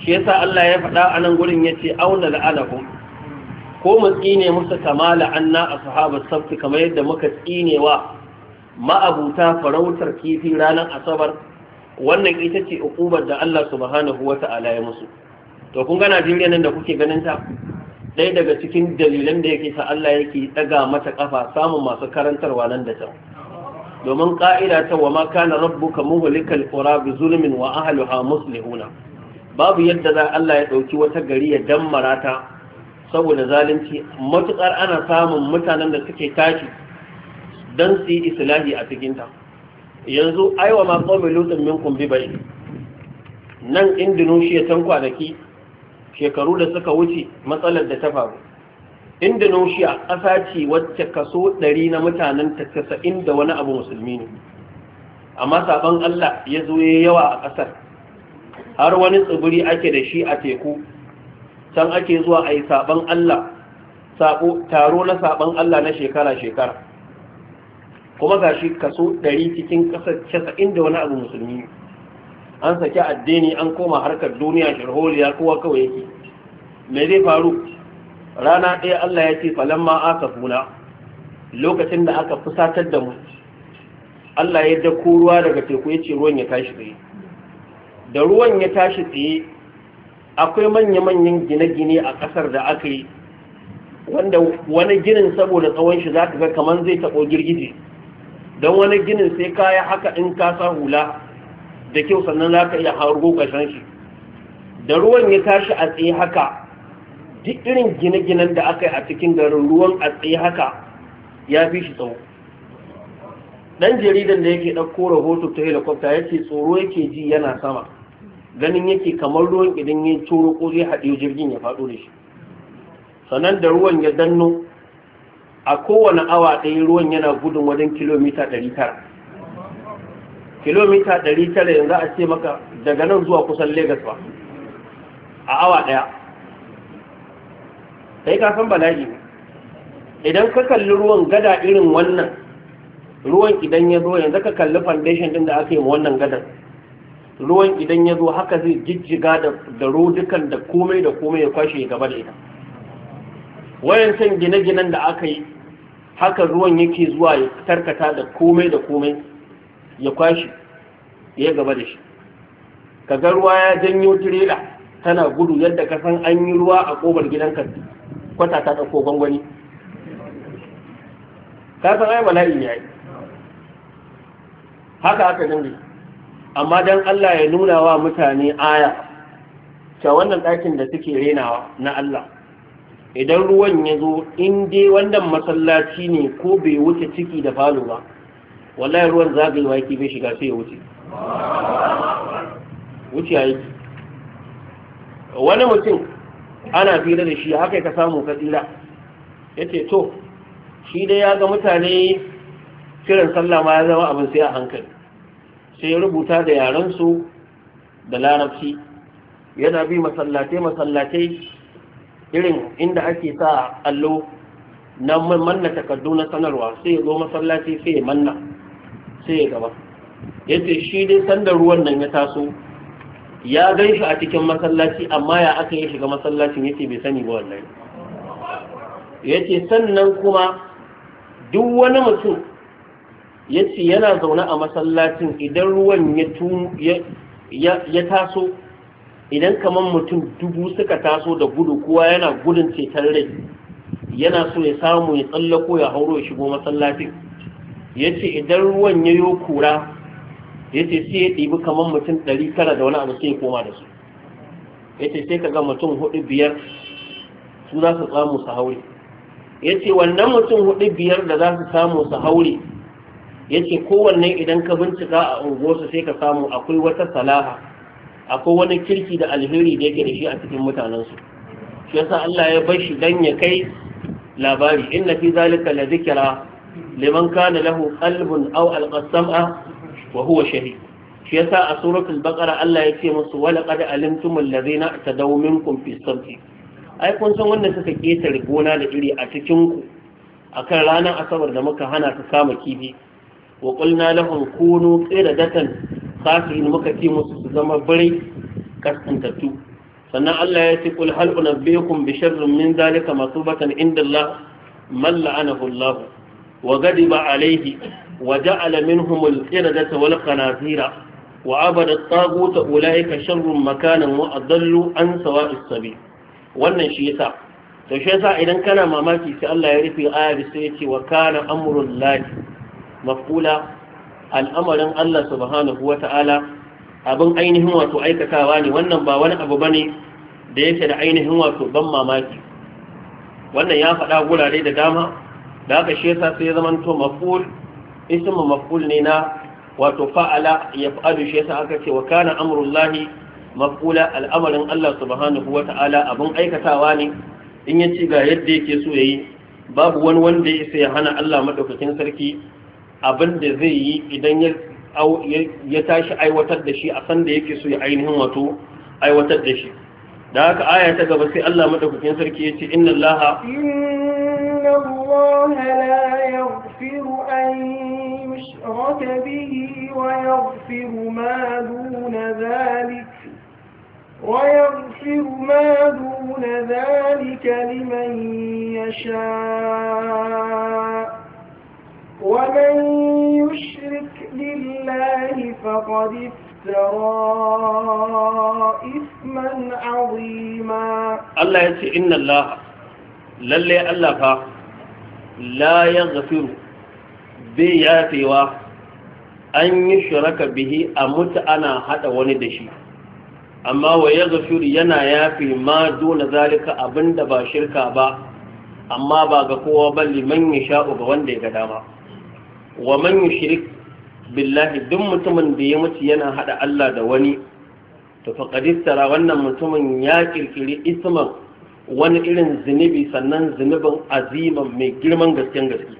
shi yasa Allah ya faɗa a nan gurin yace auna la'anahum ko mu tsine musu kamala anna ashabu sabti kamar yadda muka tsinewa ma'abuta farautar kifi ranar asabar wannan ita ce ukubar da Allah subhanahu wa ta'ala ya musu to kun ga Najeriya nan da kuke ganin ta ɗaya daga cikin dalilan da yake sa Allah yake daga mata kafa samun masu karantarwa nan da can domin ka'ida ta wa ma kana rabbuka muhlikal qura bi zulmin wa ahliha muslihuna babu yadda za Allah ya dauki wata gari ya dammara ta saboda zalunci matukar ana samun mutanen da suke tashi don su yi islahi a cikinta yanzu aiwa ma kawai lutsin min kumbi bai nan indonesia can kwanaki shekaru da suka wuce matsalar da ta faru indonesia ƙasa ce wacce kaso ɗari na mutanen ta casa'in da wani abu musulmi ne amma sabon allah ya zo ya yawa a ƙasar har wani tsibiri ake da shi a teku can ake zuwa a yi sabon allah taro na sabon allah na shekara-shekara kuma ga shi kaso ɗari cikin ƙasar 90 da wani abu musulmi an saki addini an koma harkar duniya shirholiya kowa kawai yake me zai faru rana ɗaya Allah ya ce falamma aka funa lokacin da aka fusatar da mu Allah ya dako ruwa daga teku ya ce ruwan ya tashi tsaye da ruwan ya tashi tsaye akwai manya-manyan gine-gine a ƙasar da aka yi wanda wani ginin saboda tsawon shi za ka ga kamar zai taɓo girgije don wani ginin sai kaya haka in ka sa hula da kyau sannan za ka iya hargo kashen shi da ruwan ya tashi a tsaye haka duk irin gine-ginen da aka yi a cikin garin ruwan a tsaye haka ya fi shi tsawo ɗan jaridan da yake ɗauko rahoto ta helikwafta ya ce tsoro yake ji yana sama ganin yake kamar ruwan idan ya coro ko zai haɗe jirgin ya faɗo da shi sannan da ruwan ya danno a kowane awa ɗaya ruwan yana gudun wajen kilomita 900 kilomita 900 yanzu a ce maka daga nan zuwa kusan Legas ba a awa ɗaya sai ka san bala'i idan ka kalli ruwan gada irin wannan ruwan idan ya zo yanzu ka kalli foundation din da aka yi wannan gadar ruwan idan ya zo haka zai jijjiga da rodukan da komai da komai ya kwashe gaba da ita wayancan gine-ginen da aka yi haka ruwan yake zuwa ya tarkata da komai da komai ya kwashi ya gaba da shi kaga ruwa ya janyo tirela tana gudu yadda ka san an yi ruwa a kobar gidanka kwata ta ɗauko gwangwani ka san ai bala'i ya yi haka haka dinga amma don Allah ya nuna wa mutane aya cewa wannan ɗakin da suke renawa na Allah idan ruwan ya zo in dai wannan masallaci ne ko bai wuce ciki da falo ba wallahi ruwan zagayewa yake bai shiga sai ya wuce wuce yake wani mutum ana fira da shi haka ka samu ka tsira ya ce to shi dai ya ga mutane kiran sallah ya zama abin sai a hankali sai ya rubuta da yarensu da larabci yana bi masallatai masallatai irin inda ake sa allo na manna takardu na sanarwa sai ya zo masallaci sai ya manna sai ya gaba ya ce shi dai sanda ruwan nan ya taso ya gan shi a cikin masallaci amma ya aka yi shiga masallacin yake bai sani ba wannan ya ce sannan kuma duk wani mutum ya ce yana zaune a masallacin idan ruwan ya taso idan kamar mutum dubu suka taso da gudu kowa yana gudun ceton rai yana so ya samu ya tsallako ya hauro ya shigo masallacin ya ce idan ruwan ya yi kura ya ce sai ya ɗibi kamar mutum ɗari tara da wani abu sai ya koma da su ya ce sai ka ga mutum hudu biyar su za su samu su haure ya ce wannan mutum hudu biyar da za su samu su haure ya ce kowanne idan ka bincika a unguwarsu sai ka samu akwai wata salaha akwai wani kirki da alheri da yake da shi a cikin mutanensu shi yasa Allah ya bar shi dan ya kai labari inna fi zalika la dhikra liman kana lahu qalbun aw alqa sam'a wa huwa shahid shi yasa a suratul baqara Allah ya ce musu wa laqad alimtum alladhina tadaw minkum fi sabti ai kun san wanda suka keta gona da iri a cikin ku akan ranar asabar da muka hana ta kama kifi wa qulna lahum kunu qiradatan khasirin muka ce musu su zama birai kaskantattu sannan Allah ya ce kul hal unabbiukum bi sharrin min zalika masubatan inda Allah man la'anahu Allah wa ghadiba alayhi wa ja'ala minhum al-qiradata wal qanazira wa abada at-taghut ulaika sharrun makanan wa adallu an sawa'is sabil wannan shi yasa to shi yasa idan kana mamaki sai Allah ya rufe ayar sai ya ce wa kana amrul lahi mafula al'amarin Allah subhanahu wa ta'ala abin ainihin wato aikatawa ne wannan ba wani abu bane da yake da ainihin wato ban mamaki wannan ya faɗa gurare da dama da aka shi yasa sai zaman to maf'ul ismu maf'ul ne na wato fa'ala ya shi yasa aka ce wa kana amrullahi maf'ula al'amarin Allah subhanahu wa ta'ala abin aikatawa ne in ya ci ga yadda yake so ya yi. babu wani wanda ya hana Allah madaukakin sarki abin da zai yi idan ya tashi aiwatar da shi a san da yake so ya ainihin wato aiwatar da shi da haka aya ta gaba sai Allah madaukakin sarki yace inna allaha inna allaha la yaghfiru an yushraka bihi wa yaghfiru ma duna dhalika ويغفر ما دون ذلك لمن يشاء ومن يشرك بالله فقد افترى اثما عظيما الله يتي ان الله للي الله لا يغفر بياتي و an yi shiraka bihi a mutu ana haɗa wani da shi amma wa ya yana yafi ma duna zalika abinda ba shirka ba amma ba ga kowa ba liman ya sha'u ga wanda ya ga dama wa man yushrik billahi duk mutumin da ya mutu yana hada Allah da wani to faqad istara wannan mutumin ya kirkiri isman wani irin zunubi sannan zunubin aziman mai girman gasken gaske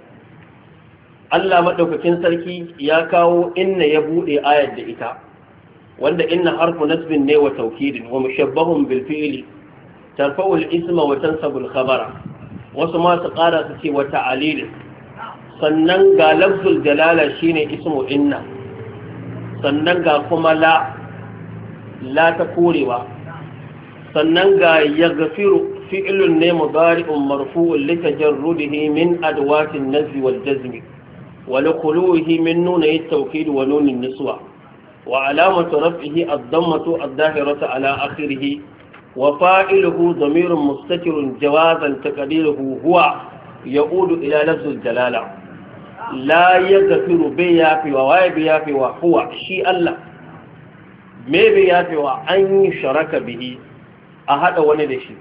Allah madaukakin sarki ya kawo inna ya bude ayar da ita wanda inna harfu nasbin ne wa tawkidin wa mushabbahun bil fi'li tarfa'u al isma wa tansabu al khabara wasu ma su kara su ce wa ta'alilin sannan ga lafzul jalala shine ismu inna sannan ga kuma la la ta korewa sannan ga yaghfiru fi'lun ne mudari'un marfu'un li tajarrudihi min adwatin nazwi wal jazmi wa li khuluhi min nunayi tawkid wa nunin niswa wa alamatu raf'ihi ad-dammatu ad-dahiratu ala akhirih wa fa'iluhu dhamirun mustatirun jawazan taqdiruhu huwa يعود إلى لفظ الجلالة la ya gafiru bai yafewa waye bai yafewa kuwa shi Allah me bai yafewa an yi sharaka bihi a hada wani da shi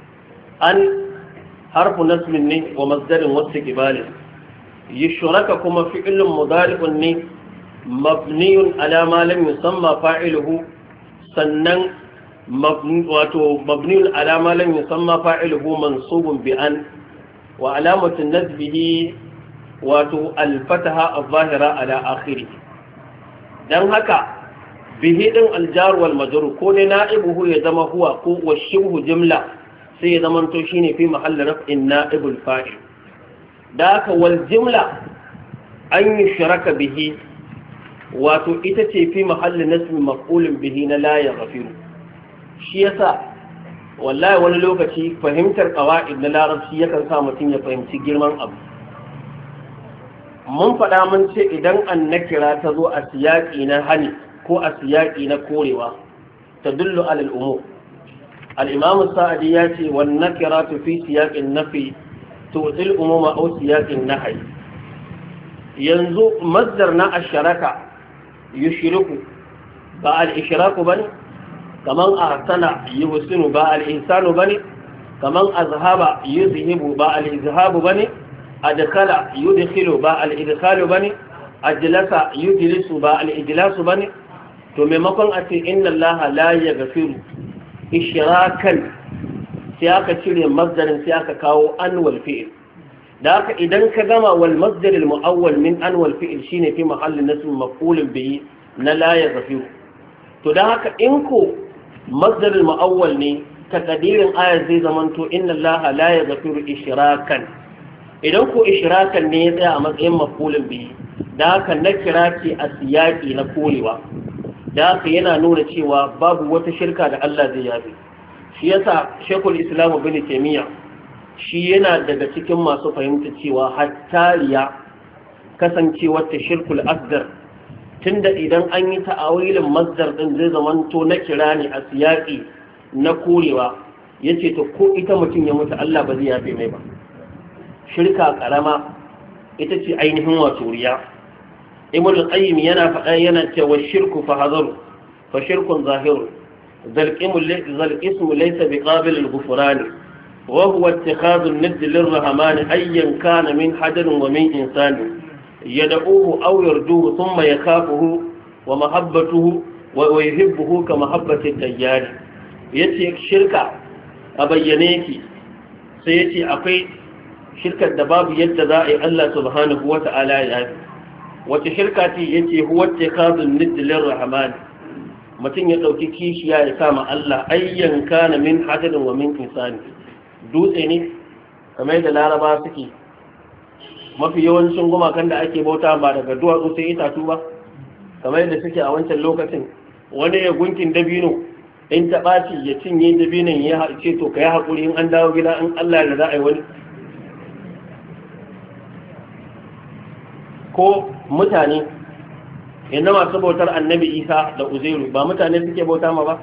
an harfu nasmin ne wa masdarin wasu kibalin yi sharaka kuma fi'ilin mudarikun ne mabniyun ala ma lam yusamma fa'iluhu sannan wato mabniyun ala ma lam yusamma fa'iluhu mansubun bi an wa alamatu nasbihi wato alfataha al-zahira ala akhiri dan haka bihi ɗin aljar wal majrur ko dai na'ibuhu ya zama huwa ko washihu jumla sai ya zama to shine fi mahalli raf'in na'ibul fa'il da haka wal jumla an yushraka bihi wato ita ce fi mahalli nasmi maf'ulin bihi na la yaghfiru shi yasa wallahi wani lokaci fahimtar qawaid na larabci yakan sa mutum ya fahimci girman abu mun faɗa mun ce idan kira ta zo a siyaƙi na hani ko a siyaƙi na korewa ta dullu alal umur al-imam sa'adi ya ce wan nakiratu fi siyaqin nafi tu'til umuma aw siyaqin nahy yanzu masdar na asharaka yushriku ba al-ishraku bane kaman ahsana yuhsinu ba al-ihsanu bane kaman azhaba yuzhibu ba al-izhabu bane adkhala yudkhilu ba al-idkhalu bane ajlasa yujlisu ba al-ijlasu bane to maimakon a ce inna allaha la yaghfiru ishrakan sai aka cire masdarin sai aka kawo anwal fi'il da haka idan ka gama wal masdar al min anwal fi'il shine fi mahallin nasb maf'ulun bihi na la yaghfiru to da haka in ko masdar al muawwal ne takadirin ayar zai zamanto inna allaha la yaghfiru ishrakan idan ko ishirakan ne ya tsaya a matsayin mafulin biyu, da haka na kira ke a siyaƙi na korewa da haka yana nuna cewa babu wata shirka da Allah zai yabe shi yasa shekul islamu bin taimiyya shi yana daga cikin masu fahimta cewa ya kasancewar ta shirkul asdar tunda idan an yi ta'awilin masdar din zai zamanto na kira ne a siyaƙi na korewa yace to ko ita mutum ya mutu Allah ba zai yabe mai ba shirka karama ita ce ainihin wato riya ibn al-qayyim yana faɗa yana cewa shirku fa hazaru fa shirkun zahir zal ismu laysa biqabil al-ghufran wa huwa ittikhadhu an-nidd lir-rahman ayyan kana min hadarin wa min insani yad'uhu aw yarduhu thumma yakhafuhu wa mahabbatuhu wa yuhibbuhu ka mahabbati at-tayyar yace shirka a bayyane ki sai yace akwai shirkar da babu yadda za a yi Allah subhanahu wa ta'ala ya yi wace shirka ce yace Wacce ittakhazun nidlir rahman mutum ya ɗauki kishiya ya sama Allah ayyan kana min hadarin wa min insani dutse ne kamar da laraba suke mafi yawancin gumakan da ake bauta ba daga duwatsu sai itatu ba kamar da suke a wancan lokacin wani ya gunkin dabino in ta ɓaci ya cinye dabinon ya ce to ka yi haƙuri in an dawo gida in Allah ya da za a yi wani ko mutane inda masu bautar annabi isa da uzairu ba mutane suke bauta ma ba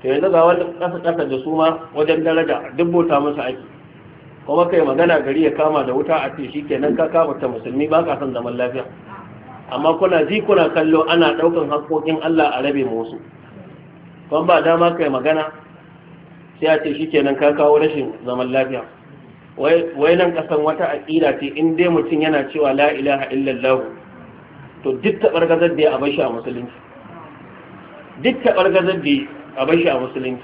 to yanzu ga wani ƙasa ƙasa da su ma wajen daraja duk bauta musu ake kuma kai magana gari ya kama da wuta a ce shikenan ka kafa musulmi ba ka son zaman lafiya amma kuna ji kuna kallo ana ɗaukan haƙoƙin Allah a rabe mu wasu kuma ba dama kai magana sai a ce shikenan ka kawo rashin zaman lafiya wai nan kasan wata aqida ce in dai mutum yana cewa la ilaha illallah to duk tabar gazar da ya abashi a musulunci duk tabar da ya abashi a musulunci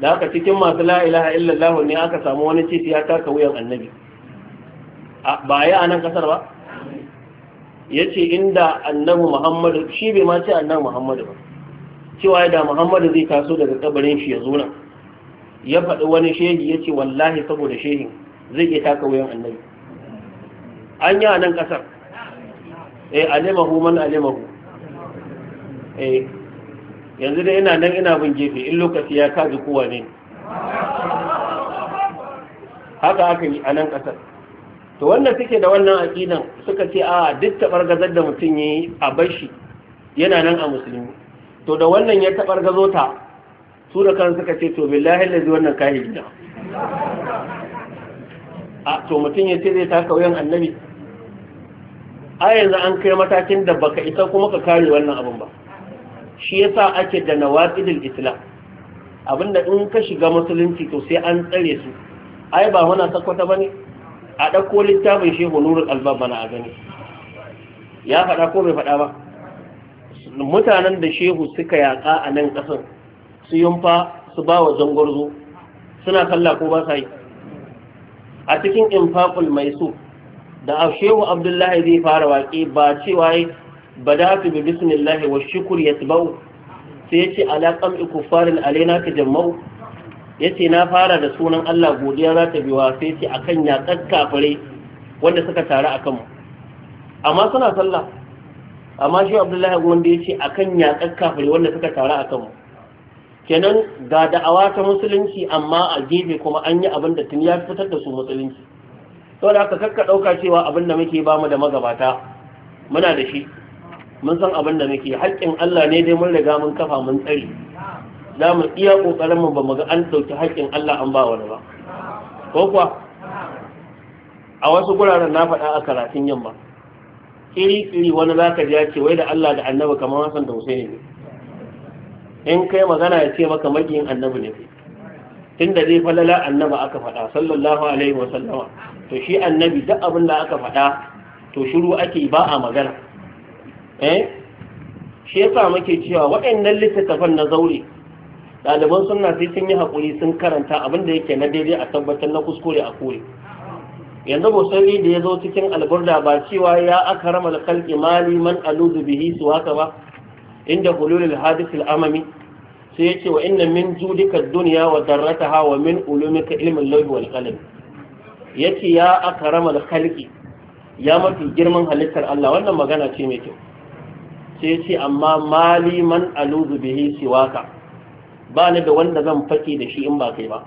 da haka cikin masu la ilaha illallah ne aka samu wani titi ya taka wuyan annabi ba ya a nan kasar ba ya ce inda annabi muhammadu shi bai ma ce annabi muhammadu ba cewa da muhammadu zai taso daga kabarin shi ya zo nan ya faɗi wani shehi ya ce wallahi saboda shehin zai iya taka wuyan annabi an yi a nan ƙasar eh alimahu man alimahu eh yanzu dai ina nan ina bin gefe in lokaci ya kaji kowa ne haka aka yi a nan ƙasar to wannan suke da wannan aƙidan suka ce a duk taɓargazar da mutum ya yi a bashi yana nan a musulmi to da wannan ya gazo ta su da kan suka ce to billahi lazi wannan kahi gida a to mutum ya ce zai taka wuyan annabi a yanzu an kai matakin da baka isa kuma ka kare wannan abin ba shi yasa ake da nawaqidul islam abinda in ka shiga musulunci to sai an tsare su ai ba muna sakwata bane a dauko littafin shehu nurul albab bana a gani ya faɗa ko bai faɗa ba mutanen da shehu suka yaƙa a nan ƙasar su yunfa su ba wa zangwarzo suna sallah ko ba sa yi a cikin mai su da shehu abdullahi zai fara waƙe ba cewa ba su bi bismillah wa shukur ya yatba'u sai yace ala qam'i kuffarin alaina Ya ce na fara da sunan Allah godiya za ta biwa sai a akan ya kakkafare wanda suka taru a kanmu. amma suna sallah amma shehu abdullahi ce a akan ya kakkafare wanda suka taru a kanmu. kenan ga da'awa ta musulunci amma a gefe kuma an yi abin da tun ya fitar da su musulunci to da aka kakka ɗauka cewa abin da muke ba mu da magabata muna da shi mun san abin da muke haƙƙin Allah ne dai mun riga mun kafa mun tsare za mu iya ƙoƙarin mu ba mu ga an ɗauki haƙƙin Allah an ba wani ba ko kuwa a wasu guraren na faɗa a karatun yamma kiri kiri wani zaka ji ya ce wai da Allah da Annabi kamar Hassan da Husaini ne in kai magana ya ce maka magiyin annabi ne tunda zai falala annaba aka faɗa sallallahu alaihi wasallama to shi annabi duk abin da aka faɗa to shiru ake ba a magana eh shi yasa muke cewa waɗannan littattafan na zaure ɗaliban sunna sai sun yi haƙuri sun karanta abin da yake na daidai a tabbatar na kuskure a kore yanzu sai da ya zo cikin alburda ba cewa ya aka rama da kalki mali man aluzu bihi su haka ba inda hululul hadith al-amami sai yace wa inna min judika ad-dunya wa darrataha wa min ulumika ilmin al-lawh wal qalam yace ya akrama al-khalqi ya mafi girman halittar Allah wannan magana ce mai kyau sai yace amma mali man aluzu bihi siwaka ba ni da wanda zan fake da shi in ba kai ba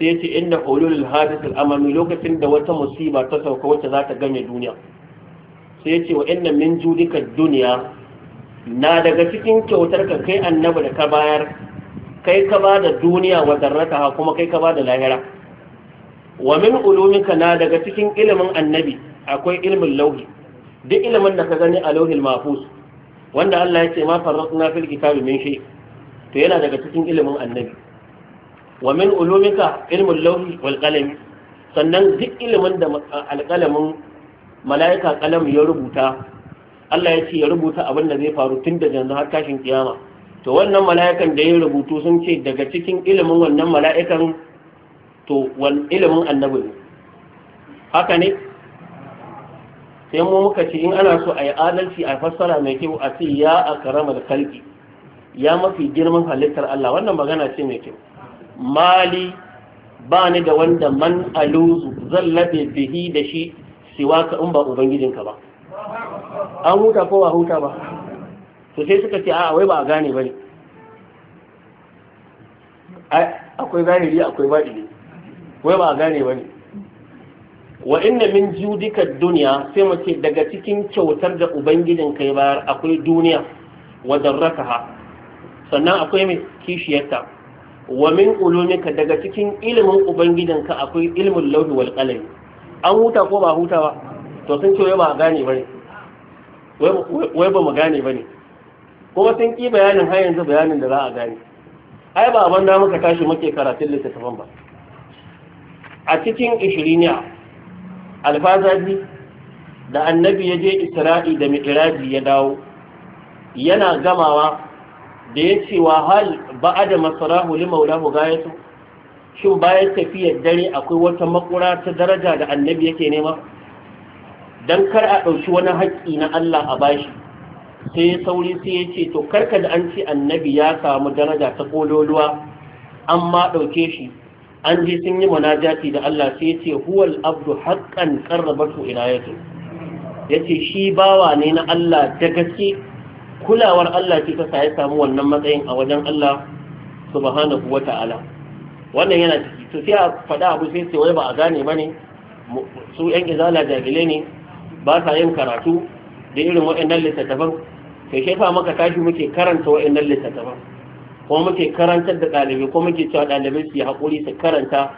sai yace inda hululul hadith al-amami lokacin da wata musiba ta sauka wacce za ta game duniya sai yace wa inna min judika ad-dunya na daga cikin kyautar ka kai annabi da ka bayar kai ka ba da duniya wa ha kuma kai ka ba da lahira wa min ulumika na daga cikin ilimin annabi akwai ilimin lauhi duk ilimin da ka gani a lauhil mahfuz wanda Allah ya ce ma farratna fil kitabi min shay to yana daga cikin ilimin annabi wa min ulumika ilmin lauhi wal qalam sannan duk ilimin da alqalamin mala'ika qalam ya rubuta Allah ya ce ya rubuta abin da zai faru tun da yanzu har kashin kiyama to wannan mala'ikan da ya rubutu sun ce daga cikin ilimin wannan mala'ikan to ilimin annabi haka ne sai mu muka ce in ana so a yi adalci a fassara mai kyau a ce ya a da kalki ya mafi girman halittar Allah wannan magana ce mai kyau mali ba ni da wanda man aluzu zan labe bihi da shi siwa ka in ba ubangijinka ba an huta ko ba huta ba to sai suka ce a wai ba a gane ba ne akwai zahiri akwai ne wai ba a gane ba ne wa inna min judika duniya sai mu ce daga cikin kyautar da ubangijin kai bayar akwai duniya wa ha? sannan akwai mai kishiyarta wa min ulumika daga cikin ilimin ka akwai ilimin lauhi wal an huta ko ba huta ba to sun ce wai ba gane ba mu kuma sun ƙi bayanin har yanzu bayanin da za a gane ai ba abin da muka tashi muke karatun littattafan ba a cikin ishiriniya alfazaji da annabi ya je isra'i da mi'raji ya dawo yana gamawa da ya ce wa hal ba'a da masarahu li maulahu gayatu shin bayan tafiyar dare akwai wata makura ta daraja da annabi yake nema don kar a ɗauki wani haƙƙi na Allah a bashi sai sauri sai ya ce to karka da an ce annabi ya samu daraja ta kololuwa amma ɗauke shi an je sun yi munajati da Allah sai ya ce huwal abdu ya qarrabatu ya yace shi bawa ne na Allah da gaske kulawar Allah ce ta sa ya samu wannan matsayin a wajen Allah subhanahu wannan yana ciki to sai a faɗa abu sai sai wai ba a gane bane su yan izala jahilai ne ba sa yin karatu da irin waɗannan littattafan sai shi maka tashi muke karanta waɗannan littattafan kuma muke karantar da ɗalibai ko muke cewa ɗalibai su yi haƙuri su karanta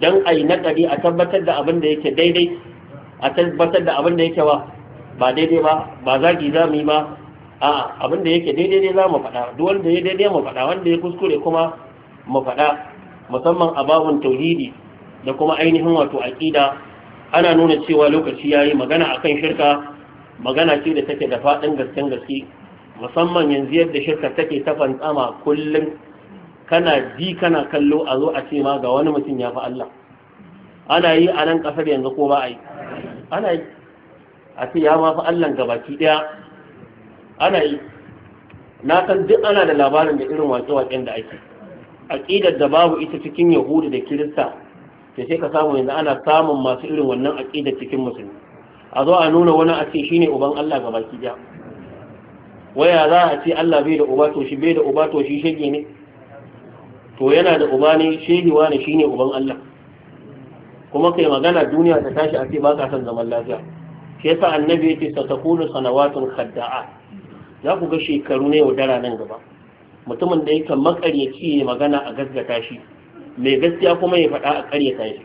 don a yi naƙari a tabbatar da abin da yake daidai a tabbatar da abin da yake ba ba daidai ba ba zagi za mu yi ba a abin da yake daidai ne za mu faɗa duk wanda ya daidai mu faɗa wanda ya kuskure kuma mu faɗa musamman a babun tauhidi da kuma ainihin wato aƙida ana nuna cewa lokaci ya yi magana akan shirka magana ce da take da faɗin gasken gaske musamman yanzu yadda shirka take ta fantsama kullum kana ji kana kallo a zo a ce ma ga wani mutum ya fi Allah ana yi a nan ƙasar yanzu ko ba a yi ana yi a ce ya ma fi Allah gabaki ɗaya ana yi na san duk ana da labarin da irin wake-waken da ake aƙidar da babu ita cikin yahudu da kirista ke sai ka samu yanzu ana samun masu irin wannan aƙida cikin musulmi a zo a nuna wani a ce shine uban Allah ga baki ja waya za a ce Allah bai da uba to shi bai da uba to shi shege ne to yana da uba ne wa ne shine uban Allah kuma kai magana duniya ta tashi a ce ba ka son zaman lafiya shi yasa annabi yake satakulu sanawatun khadda'a za ku ga shekaru ne da nan gaba mutumin da yake makaryaci magana a gaggata shi mai gaskiya kuma ya faɗa a ƙaryata shi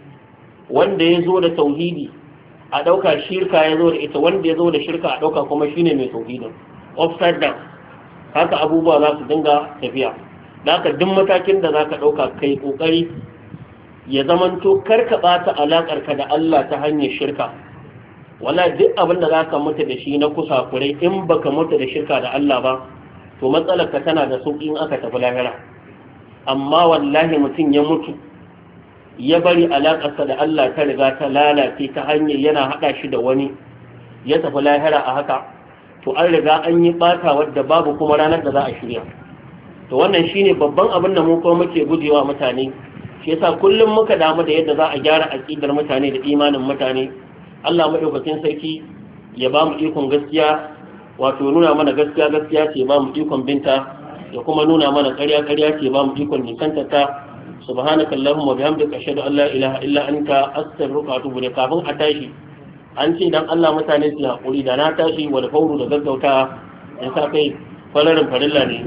wanda ya zo da tauhidi a ɗauka shirka ya zo da ita wanda ya zo da shirka a ɗauka kuma shine mai tauhidin upside down haka abubuwa za su dinga tafiya da haka duk matakin da za ka ɗauka kai ƙoƙari ya zamanto karka ɓata ka da Allah ta hanyar shirka wala duk abin da za ka mutu da shi na kusa kurai in baka mutu da shirka da Allah ba to matsalarka tana da sauƙi in aka tafi lahira amma wallahi mutum ya mutu ya bari alaƙarsa da Allah ta riga ta lalace ta hanyar yana haɗa shi da wani ya tafi lahira a haka to an riga an yi ɓata wadda babu kuma ranar da za a shirya to wannan shine babban abin da mu kuma muke gujewa mutane shi yasa kullum muka damu da yadda za a gyara aƙidar mutane da imanin mutane Allah maɗaukakin sarki ya ba mu ikon gaskiya wato nuna mana gaskiya gaskiya ce ba mu ikon binta da kuma nuna mana ƙarya ƙarya ce ba mu ikon nisanta ta subhanaka allahumma bihamdika ashhadu an la ilaha illa anta astaghfiruka wa atubu ilayk kafin a tashi an ce dan Allah mutane su hakuri da na tashi wal fawru da gaggauta ya sa kai fararin farilla ne